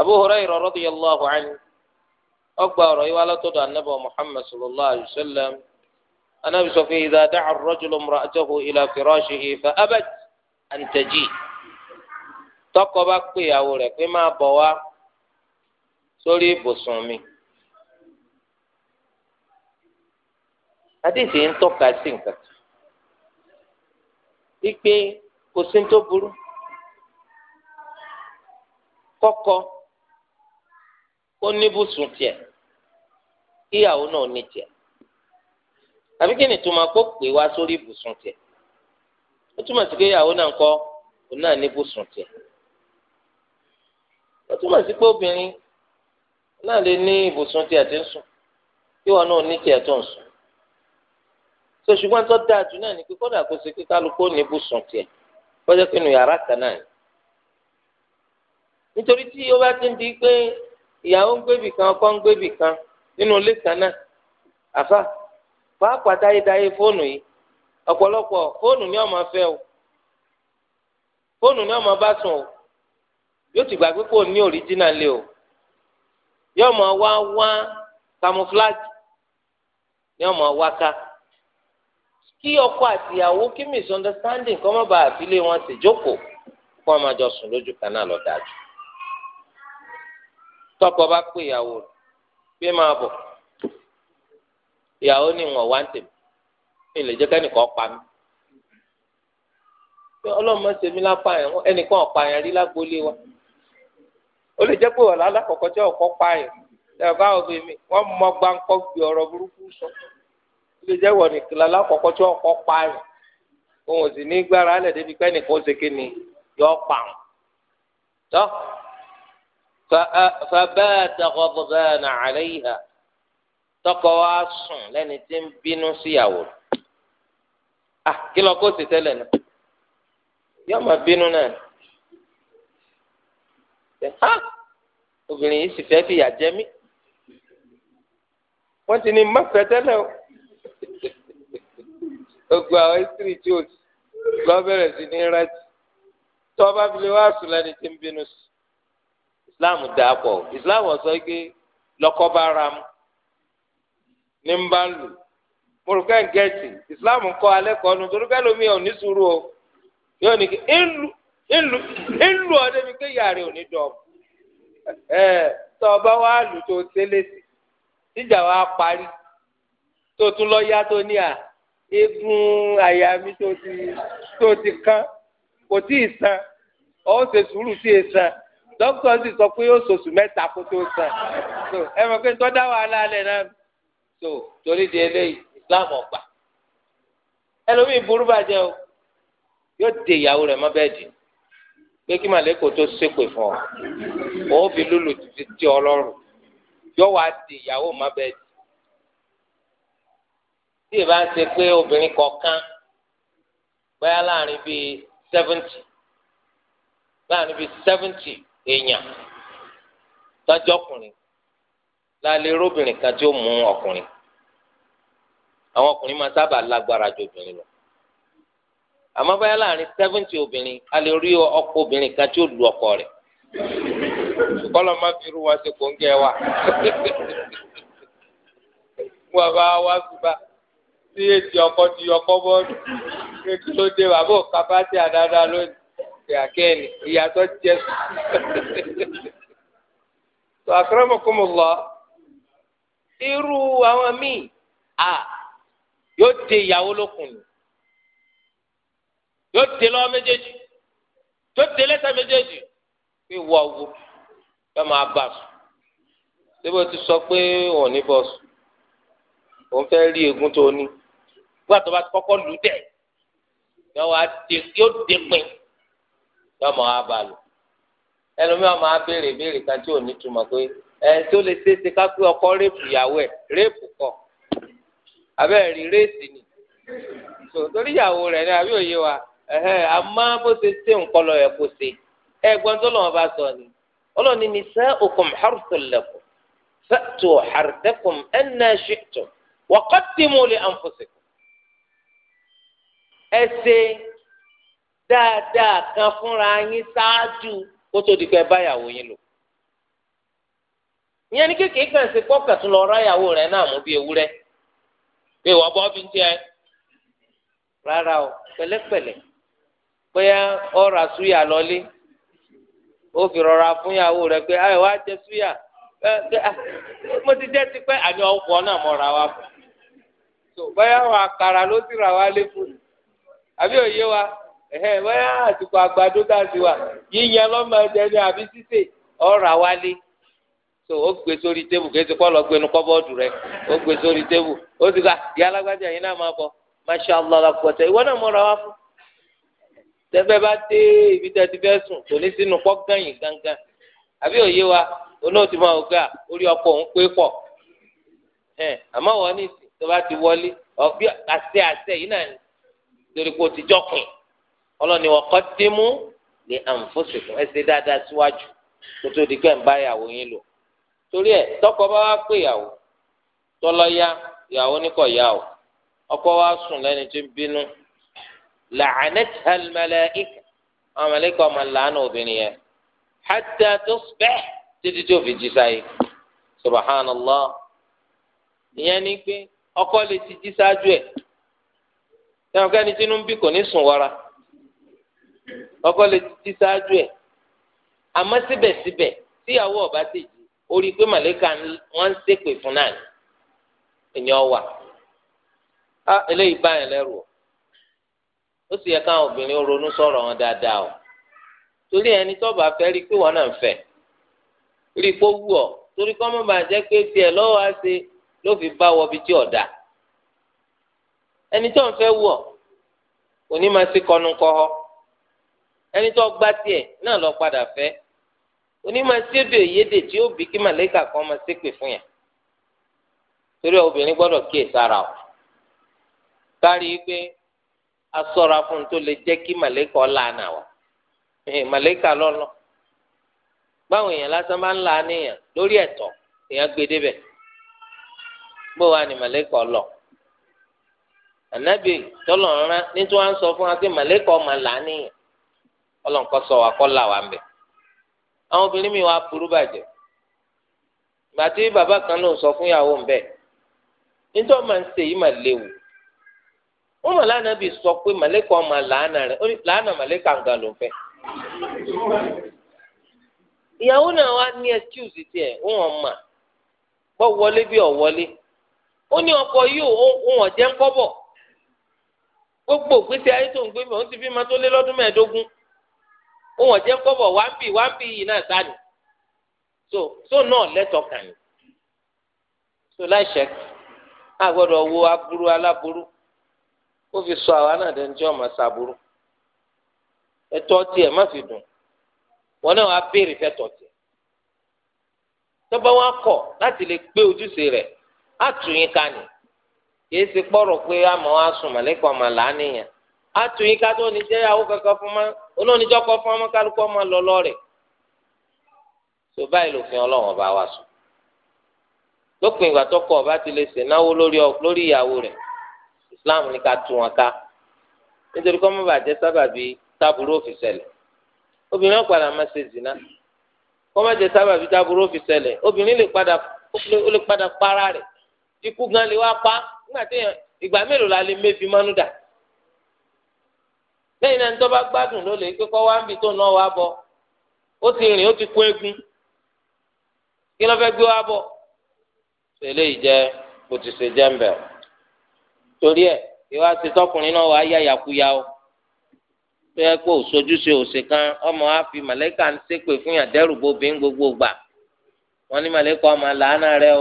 Abu Hurayra radiyallahu anhu ọgbà ọ̀rọ̀ yìí wá látọ̀dọ̀ ànábì wa Muhammad sallallahu alayhi wa sallam anabi sọ fún idha da'a ar-rajulu imra'atahu ila firashihi fa abat an tọkọ bá pè ìyàwó pé máa bọ̀ wá sórí ibùsùn mi. àdéhìí ṣe ń tọ́ka sí nǹkan tó wípé kò sí tó burú kọ́kọ́ kó níbùsùn tiẹ̀ kíyàwó náà ní tiẹ̀ àbí kí ni túmọ̀ kó pè wá sórí ibùsùn tiẹ̀ ó túmọ̀ sí pé náà kọ́ òun náà níbùsùn tiẹ̀ ó túmọ̀ sí pé obìnrin náà lè ní tó ṣùgbọ́n tó dáa jù náà ní pé kódà kó ṣe pé kálukú ní ibùsùn tiẹ̀ kọjá pé nu yàrá kan náà ni nítorí tí ó bá ti ń di pé ìyàwó ń gbébì kan ọkọ ń gbébì kan nínú ilé kan náà àfa pàápàá dáyédáyé fóònù yìí ọ̀pọ̀lọpọ̀ fóònù ni ọmọ fẹ́ o fóònù ni ọmọ bá sùn o yóò ti gbàgbé kó ní òríjínà o yóò mọ wá wá kamufláàgì yóò mọ wá ká. kí ọkọ àtìyàwó kí misunderstanding kọ́ mọ́ bá àfilé wọn ti jókòó kó wọn máa jọ sùn lójú lọ daju. tọkọ bá pé ìyàwó pé máa bọ̀ ìyàwó ni wọn wá ń tèmi mi lè jẹ́ kẹ́nìkan pa mí. pé ọlọ́run máa ń ọ̀pá yẹn rí lágbólé wa. lè jẹ́ pé alákọ̀ọ́kọ́ tí ọ̀kọ́ pa yẹn bá wọ́n mọ gbáǹkọ́ gbé ọ̀rọ̀ burúkú sọ. lè jẹ́ wọ̀ nìkan lálákọ̀ọ́kọ́ tí wọ́n kọ́ pa ẹ̀ òun ò sì ní gbára alẹ̀ débi pé ẹnìkan ó ṣe ni yọ pa òun. tọ́ ka ọ̀bọ̀gánà àlẹ́ ìhà tọkọ wa sùn lẹ́ni tí ń bínú síyàwó. à kí lọ kó sì tẹ́lẹ̀ náà yọ ma bínú náà ha obìnrin yìí sì fẹ́ fìyà jẹ mí wọ́n ti ní mọ́fẹ́ tẹ́lẹ̀ o. gbogbo àwọn history tí o lọ bẹ̀rẹ̀ sí ní rántí tó ọba fi lè wá sùn lẹ́ni tí ń bínú islam dáa pọ̀ islam sọ pé lọ́kọ́ bá ra mu ní ń bá lù islam kọ́ alẹ́ kọ́ torí ò ní sùúrù o yóò ní kí ń lù ọ́ débi ò ní lù tó tẹ́lẹ̀ eegun àyà mi tó ti tó ti kán kò tí ì san ó ṣe sùúrù tí ì san dókítà sì sọ pé ó ṣoṣù mẹ́ta kó tó san so ẹ mọ̀ pé tó dá wàhálà alẹ́ náà so torí di eléyìí Islam ọ̀gbà ẹlòmíì burú bàjẹ́ o yóò de ìyàwó rẹ̀ mọ́ bẹ́ẹ̀ dì pé kí màlẹ́kò tó ṣépè fún ọ òun fi lùlù ti ti ọlọ́run yóò wá de ìyàwó mọ́ bẹ́ẹ̀ dì. tí ì bá ń ṣe pé obìnrin kọ̀ọ̀kan báyà láàrin bíi seventy láàrin bíi seventy èèyàn ọkùnrin lálẹ́ róbìnrin kan tí ó mú ọkùnrin àwọn ọkùnrin máa sábà lágbára ju obìnrin lọ àmọ́ báyà láàrin seventy obìnrin a lè rí ọkọ obìnrin kan tí ó lu ọkọ rẹ̀ kọ́lọ́ má fi tí èsì ọkọ di ọkọ bọ́ọ̀lù kí ló dé wàá bò kápá tí a dáadáa lónìí kẹ́ni ìyàtọ̀ jẹ́ sọ akramakumullah irú àwọn míì a yóò de ìyàwó lókùnrin yóò de lọ́wọ́ méjèèjì yóò de lẹ́sẹ̀ méjèèjì pé wọ́ wo yóò máa bà sùn síbi o ti sọ pé òun ní bọ̀ sùn òun fẹ́ rí egun tó ní gbọ́ àtọ́ bá ti kọ́kọ́ lù dẹ̀ yọ wá dé yóò dé pin yọ mọ̀ á bá lò ẹlòmíràn máa béèrè béèrè kan tí ò ní túmọ̀ pé ẹ tó lè ṣe é ṣe ká pé ọkọ réèpù ìyàwó ẹ réèpù kọ abẹ́rẹ́ rí réèsì ni torí ìyàwó rẹ̀ ni àbí òye wa àmọ́ bó ṣe ṣe nǹkan lọ yẹ kó ṣe ẹ gbọ́n tó lọ́wọ́ bá sọ ni ọlọ́ni ní sẹ́ òkùn hàrùtùlẹ̀kùn fẹ́tù hàrùtẹ́kùn ẹ̀nà ṣètò wọ́kọ́tìmù lè ànfọ̀sẹ̀kù. ese dáadáa kan fúnra yín ṣáájú kó tó di pé báyàwó yín lò ìyẹn ní kékeré kan ṣe pọ́kà tó lọ ráyàwó rẹ̀ náà mú bí ewúrẹ́ pé wọ́n bọ́ fi ń tiẹ̀ rárá o pẹ̀lẹ́pẹ̀lẹ́ bóyá ọ̀rà súyà rọra fún ìyàwó rẹ pé ayọ̀ wá jẹ súyà mo ti jẹ́ tipẹ́ àmì ọkọ̀ náà mọ̀ ra wa àbí òye wa ẹ̀hẹ́ bóyá àsìkò àgbàdo tá a ti wà yíyan lọ́mọ ẹ̀jẹ̀ wali. àbí sísè ọ̀rà wálé tó o gbé sórí tébù kéésì gbénu kọ́bọ́ọ̀dù rẹ o gbé sórí tébù O ti ka ìyá alágbájá yìí náà máa bọ̀ masha allah ìwọ náà wá fún. tẹ́fẹ́ bá ibi ti sùn kò ní sínú pọ́ gànyìn gangan àbí òye wa olóòtú máa wò gbà orí òun pé pọ̀ àmọ́ wọ́n ní torí pé o ti jọkùn ọlọ́ni wa qaddimu li anfusikum ẹ ṣe dáadáa síwájú kó tó di pé ń bá ìyàwó yín lò torí ẹ tọkọ bá wá pé ìyàwó tọlọ ya ìyàwó níkọ ya o ọkọ wa sùn lẹ́ni tó ń bínú la'anatha al-mala'ika àwọn ọmọ làánà obìnrin yẹn hatta tusbih títí tó fi jí sáyé subhanallah ìyẹn ni pé ọkọ lè ti jí sáájú ẹ sẹ́wọ̀n kẹ́ni tí inú ń bí kò ní sùn wọ́ra ọkọ lè ti ṣáájú ẹ̀ àmọ́ síbẹ̀síbẹ̀ tíyàwó ọ̀bá ti jì ó rí i pé màlẹ́kà wọ́n ń ṣépè fún náà ni èèyàn wà á eléyìí báyìí lẹ́rù ọ́ ó sì yẹ káwọn obìnrin ronú sọ̀rọ̀ wọn dáadáa o torí ẹni tó bá fẹ́ rí i pé wọ́n náà ń fẹ́ rí i pé ó wù ọ́ torí kọ́ bàjẹ́ pé tiẹ̀ lọ́wọ́ á ṣe ló fi bá wọ ibi tí ọ̀dà ẹni tó ń fẹ́ wọ̀ òní máa ṣe kọnukọ́họ́ ẹni tó gba tiẹ̀ náà lọ padà fẹ́ onímasi máa ṣédè tí ó bí kí màlẹ́kà kan máa ṣépè fún yẹn torí obìnrin kíyè sára o kárí pé a fún tó lè jẹ́ kí màlẹ́kà ọ̀lànà wa màlẹ́kà lọ́lọ́ báwọn èèyàn lásán máa ń la níyàn lórí ẹ̀tọ́ ni Anabi tọ́lọ̀ ń rán sọ fún wa pé màlẹ́kọ̀ ọmọ là á níyàn sọ wa kọ́ là wà ń bàbá kan sọ fún yahoo ń bẹ̀ nítorí wọn máa ń ma mà léwu wọn sọ pé màlẹ́kọ̀ ọmọ làánà làánà ló ìyàwó náà ní ẹkíùsì ọkọ yìí ń gbogbo ògbésí ayé tó ń gbé bọ̀ ń ti fi máa tó lé lọ́dún mẹ́ẹ̀ẹ́dógún òun ọ̀jẹ́ kọ́bọ̀ one b one b yìí náà sáà nì so so náà lẹ́tọ̀ọ́ kàn ní so láìṣẹ́ a gbọ́dọ̀ wo aburú aláburú ó fi sọ àwa náà dẹni tí wọ́n máa ṣàbúrú ẹ̀tọ́ tiẹ̀ má fi dùn wọn náà wá béèrè fẹ́tọ̀ tiẹ̀ tọ́ba wa kọ̀ láti lè gbé ojúṣe rẹ̀ á tún yín ká nìí kìí ṣe pọ̀rọ̀ pé àmọ́ asùn mọ̀lẹ́kọ̀ ọmọ làánìyàn atu yín kátó ní jẹ́yàwó kankan fún ma olóníjọ́ kọ́ fún ọmọ kálukú ọmọ lọ́lọ́ rẹ̀ tó báyìí lòfin ọlọ́wọ́n bá wa sùn lópin ìgbà tó kọ ọba ti lè ṣe náwó lórí ìyàwó rẹ̀ Islam ní ká tú wọn ká nítorí kọ́ mọ́ bàjẹ́ sábàbí táàbùrú òfin ṣẹlẹ̀ obìnrin náà padà máa ṣe zina kọ́ mọ́ jẹ́ sábàbí táàbùrú òfin ṣẹlẹ̀ obìnrin lè padà ó lè padà para rẹ̀ ikú gan lè wá pa á nígbà tí ìgbà mélòó la lè mébi mánú dà lẹ́yìn náà tó bá gbádùn ló lè pé kọ́ wá ń bi tó ná wa bọ̀ ó ti rìn ó ti kún egun kí ló fẹ́ gbé wa kò ti ṣe torí ìwà ti tọkùnrin o tó yẹ kó sojúṣe òsè kan ọmọ wa fi màlẹ́kà ń ṣépè fún yàtẹ́rù bóbi ń gbogbo gbà wọ́n ní màlẹ́kà ọmọ làánà rẹ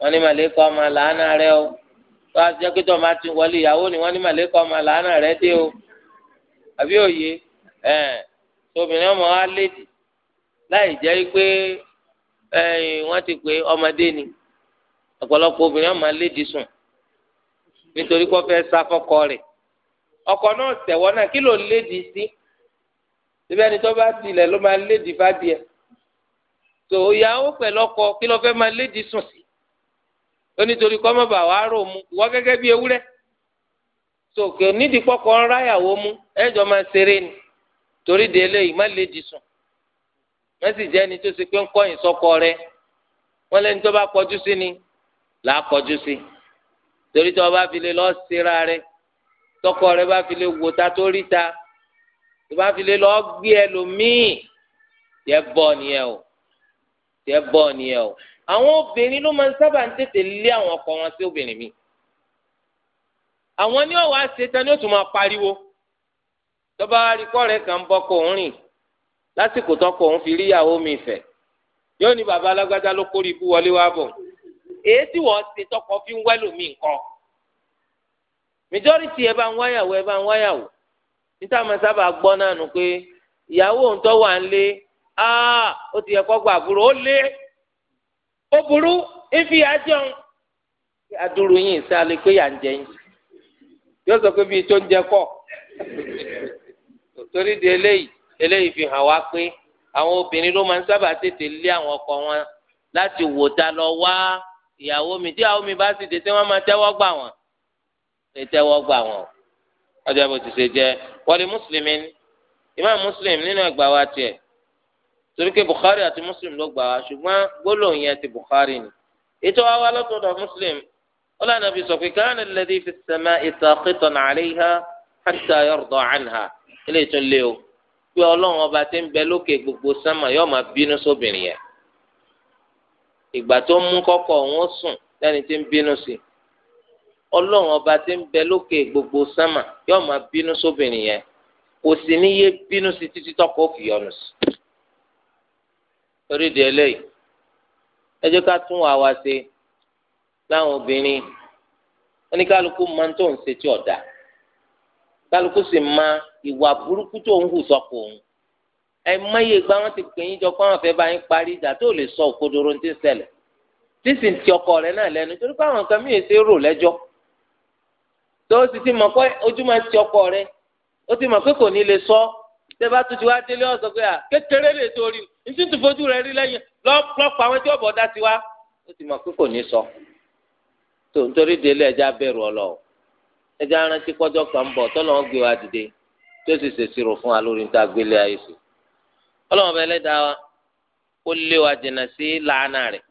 wọn ní ma ọmọ làánà rẹ o tó a jẹ́ pété ọmọ àti wọlé ìyàwó ni wọn ní màlẹ́kà ọmọ làánà rẹ o àbí òye tóbìnrin ọmọ wa láì pé ti pé ọmọdé ni ọ̀pọ̀lọpọ̀ obìnrin ọmọ lédi sùn nítorí kó fẹ́ ọkọ náà tẹ̀wọ́ náà kí ló lédi sí síbẹ̀ ni tó bá tilẹ̀ ló máa lédi fádìẹ tó ìyàwó pẹ̀lú ọkọ kí ló fẹ́ máa onítorí kọ́ mọ́ bà wá rò mu wọ́n gẹ́gẹ́ bí ewúrẹ́ sòkè nídìí pọ́kọ́ ráyàwó mu ẹ̀jọ̀ máa ṣeré ni torí de eléyìí má lè dìsùn wọ́n sì jẹ́ ẹni tó ṣe pé ń kọ́yìn sọ́kọ rẹ wọ́n lẹ́ni tó bá kọjú sí ni là á kọjú sí torí tó bá fi lè lọ́ọ́ síra rẹ tọkọ rẹ bá fi lè wò ta tó rí ta tó bá fi lọ́ọ́ gbé ẹlòmíì tiẹ̀ bọ̀ nìyẹn o tiẹ̀ bọ̀ nìyẹn o àwọn obìnrin ló máa ń sábà ń tètè lé àwọn ọkọ wọn sí obìnrin mi àwọn ní ọwọ́ àṣetán ni ó tún máa pariwo tọba arikọ rẹ kàn ń bọkọ òun rìn lásìkò tọkọ òun fi rí mi fẹ́ yóò ní baba alágbádá ló kórè ikú wọlé wá bọ̀ èyí tí wọ́n ṣe tọkọ fi ń wẹ́lò mí nǹkan majority ẹ bá ń wáyàwó ẹ bá ń wáyàwó níta máa sábà gbọ́ náà nù pé ìyàwó òun tó wà ń lé ó ti yẹ kó gba ó lé ó burú ifi àjẹun adúrú yín ìsàlẹ̀ pé yà ń jẹ yín yóò sọ pé bíi tó ń jẹ kọ torí di eléyìí eléyìí fi hàn wá pé àwọn obìnrin ló máa ń sábà tètè lé àwọn ọkọ wọn láti wò dá lọ wá ìyàwó mi tí àwọn mi bá sì dé wọn máa tẹ́wọ́ gbà wọn lè tẹ́wọ́ gbà wọn ọjọ́ bó ti ṣe jẹ́ wọlé mùsùlùmí imáà mùsùlùmí nínú ẹgbàá wa tiẹ̀ torí pé Bukhari àti Muslim ló gbà wá ṣùgbọ́n gbólóhùn yẹn ti Bukhari ni ètò wa wá lọ́tọ̀ọ̀dọ̀ Muslim ó lànà fi sọ pé káàní lẹ́dí fi sẹ́mà ìtàkìtàn àríyá hatta yarda anha ilé ìtún lé o pé ọlọ́run ọba ti ń bẹ lókè gbogbo sánmà yóò máa bínú sóbìnrin yẹn ìgbà tó mú kọ́kọ́ òun sùn lẹ́ni tí ń bínú sí ọlọ́run ọba ti ń bẹ lókè gbogbo sánmà yóò máa bínú sóbìnrin yẹn kò sì ní yé bínú sí títí tọ́kọ fi yọnu sí torí di eléyìí ẹ jẹ́ ká tún wàá wá ṣe láwọn obìnrin oníkálukú máa ń tó ń ṣe tí ọ̀dà kálukú sì ma ìwà burúkú tó ń hù sọ́kò òun ẹ mọyì ìgbà wọn ti pè yín jọ pé àwọn fẹ́ bá yín parí ìjà tó lè sọ òkodoro ti ń ṣẹlẹ̀ tí sì ń ti ọkọ rẹ náà lẹ́nu torí pé àwọn nǹkan mí èsè rò lẹ́jọ́ tó o sì ti mọ̀ pé ojú máa ti ọkọ rẹ o ti mọ̀ pé kò ní lè sọ tẹ bá tuntun wá délé ọ̀sán pé à kékeré lè torí o nítorí tó fojú rẹ rí lẹ́yìn lọ́pọ̀ àwọn tí ọ̀bọ̀ dá sí wa ó ti mọ̀ pé kò ní sọ tó nítorí délé ẹja bẹ̀rù ọlọ ẹja rántí pọ́jọ́ kan bọ̀ tọ́lọ́ wọn gbé wa dìde tó sì ṣèṣirò fún wa lórí níta gbélé ayé sí ọlọ́wọ́n bẹ lẹ́dàá wa ó lé wa jìnnà sí làánà rẹ̀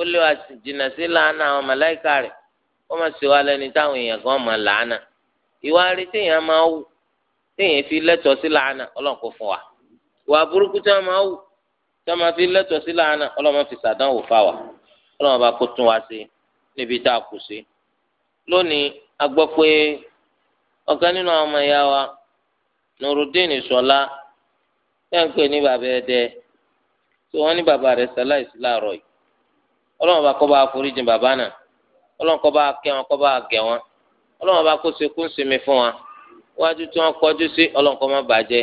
ó lé wa jìnnà sí làánà àwọn màláìka rẹ̀ wọ́n máa ṣe wa lẹ́ni táwọn èèyàn gan máa làánà ìwà rí téèyàn máa wù téèyàn fi lẹ́tọ̀ọ́ sí tọ́mọ fi lẹ́tọ̀ọ́ sí làánà ọlọ́mọ fi sàdánwò fà wá ọlọ́mọ bá kó tún wá sí níbi tá a kù sí. lónìí a gbọ́ pé ọ̀kan nínú àwọn ọmọ ìyá wa nurudeen sọlá tẹ́ ń pè ní bàbá ẹ̀dẹ́ tí wọ́n ní bàbá rẹ̀ sàláìsí láàárọ̀ yìí ọlọ́mọ bá kó bá foríjìn bàbá náà ọlọ́mọ kó bá kẹ́ wọn kó bá gẹ̀ wọn ọlọ́mọ bá kó sekú sinmi fún wa wájú tí wọ́n kọjú sí ọlọ́mọ kó má bàjẹ́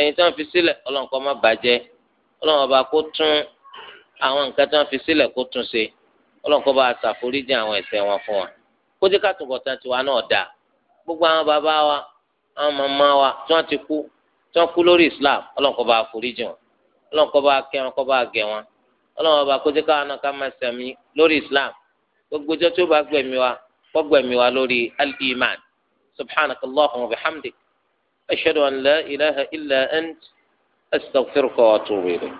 ẹ̀yìn tí wọ́n fi sílẹ̀ ọlọ́mọ kó má bàjẹ́ ọlọ́run ọba kó tún àwọn nǹkan tí wọ́n fi sílẹ̀ kó tún ṣe ọlọ́run kó bá a ṣàforíjì àwọn ẹ̀ṣẹ̀ wọn fún wa kó jẹ́ ká tùbọ̀tán tiwa náà dáa gbogbo àwọn bàbá wa àwọn màmá wa tí wọ́n ti kú tí wọ́n kú lórí Islam ọlọ́run kó bá a foríjì wọn ọlọ́run kó bá a kẹ́ wọn kó bá a gẹ̀ wọn ọlọ́run ọba kó jẹ́ ká wọn ká máa sẹ̀mí lórí Islam gbogbo ọjọ́ tí ó bá gbẹ̀mí wa kó gbẹ̀mí wa lórí al-iman subhanakallahumma wa bihamdik ashhadu an la ilaha illa ant أستغفرك وأتوب إليك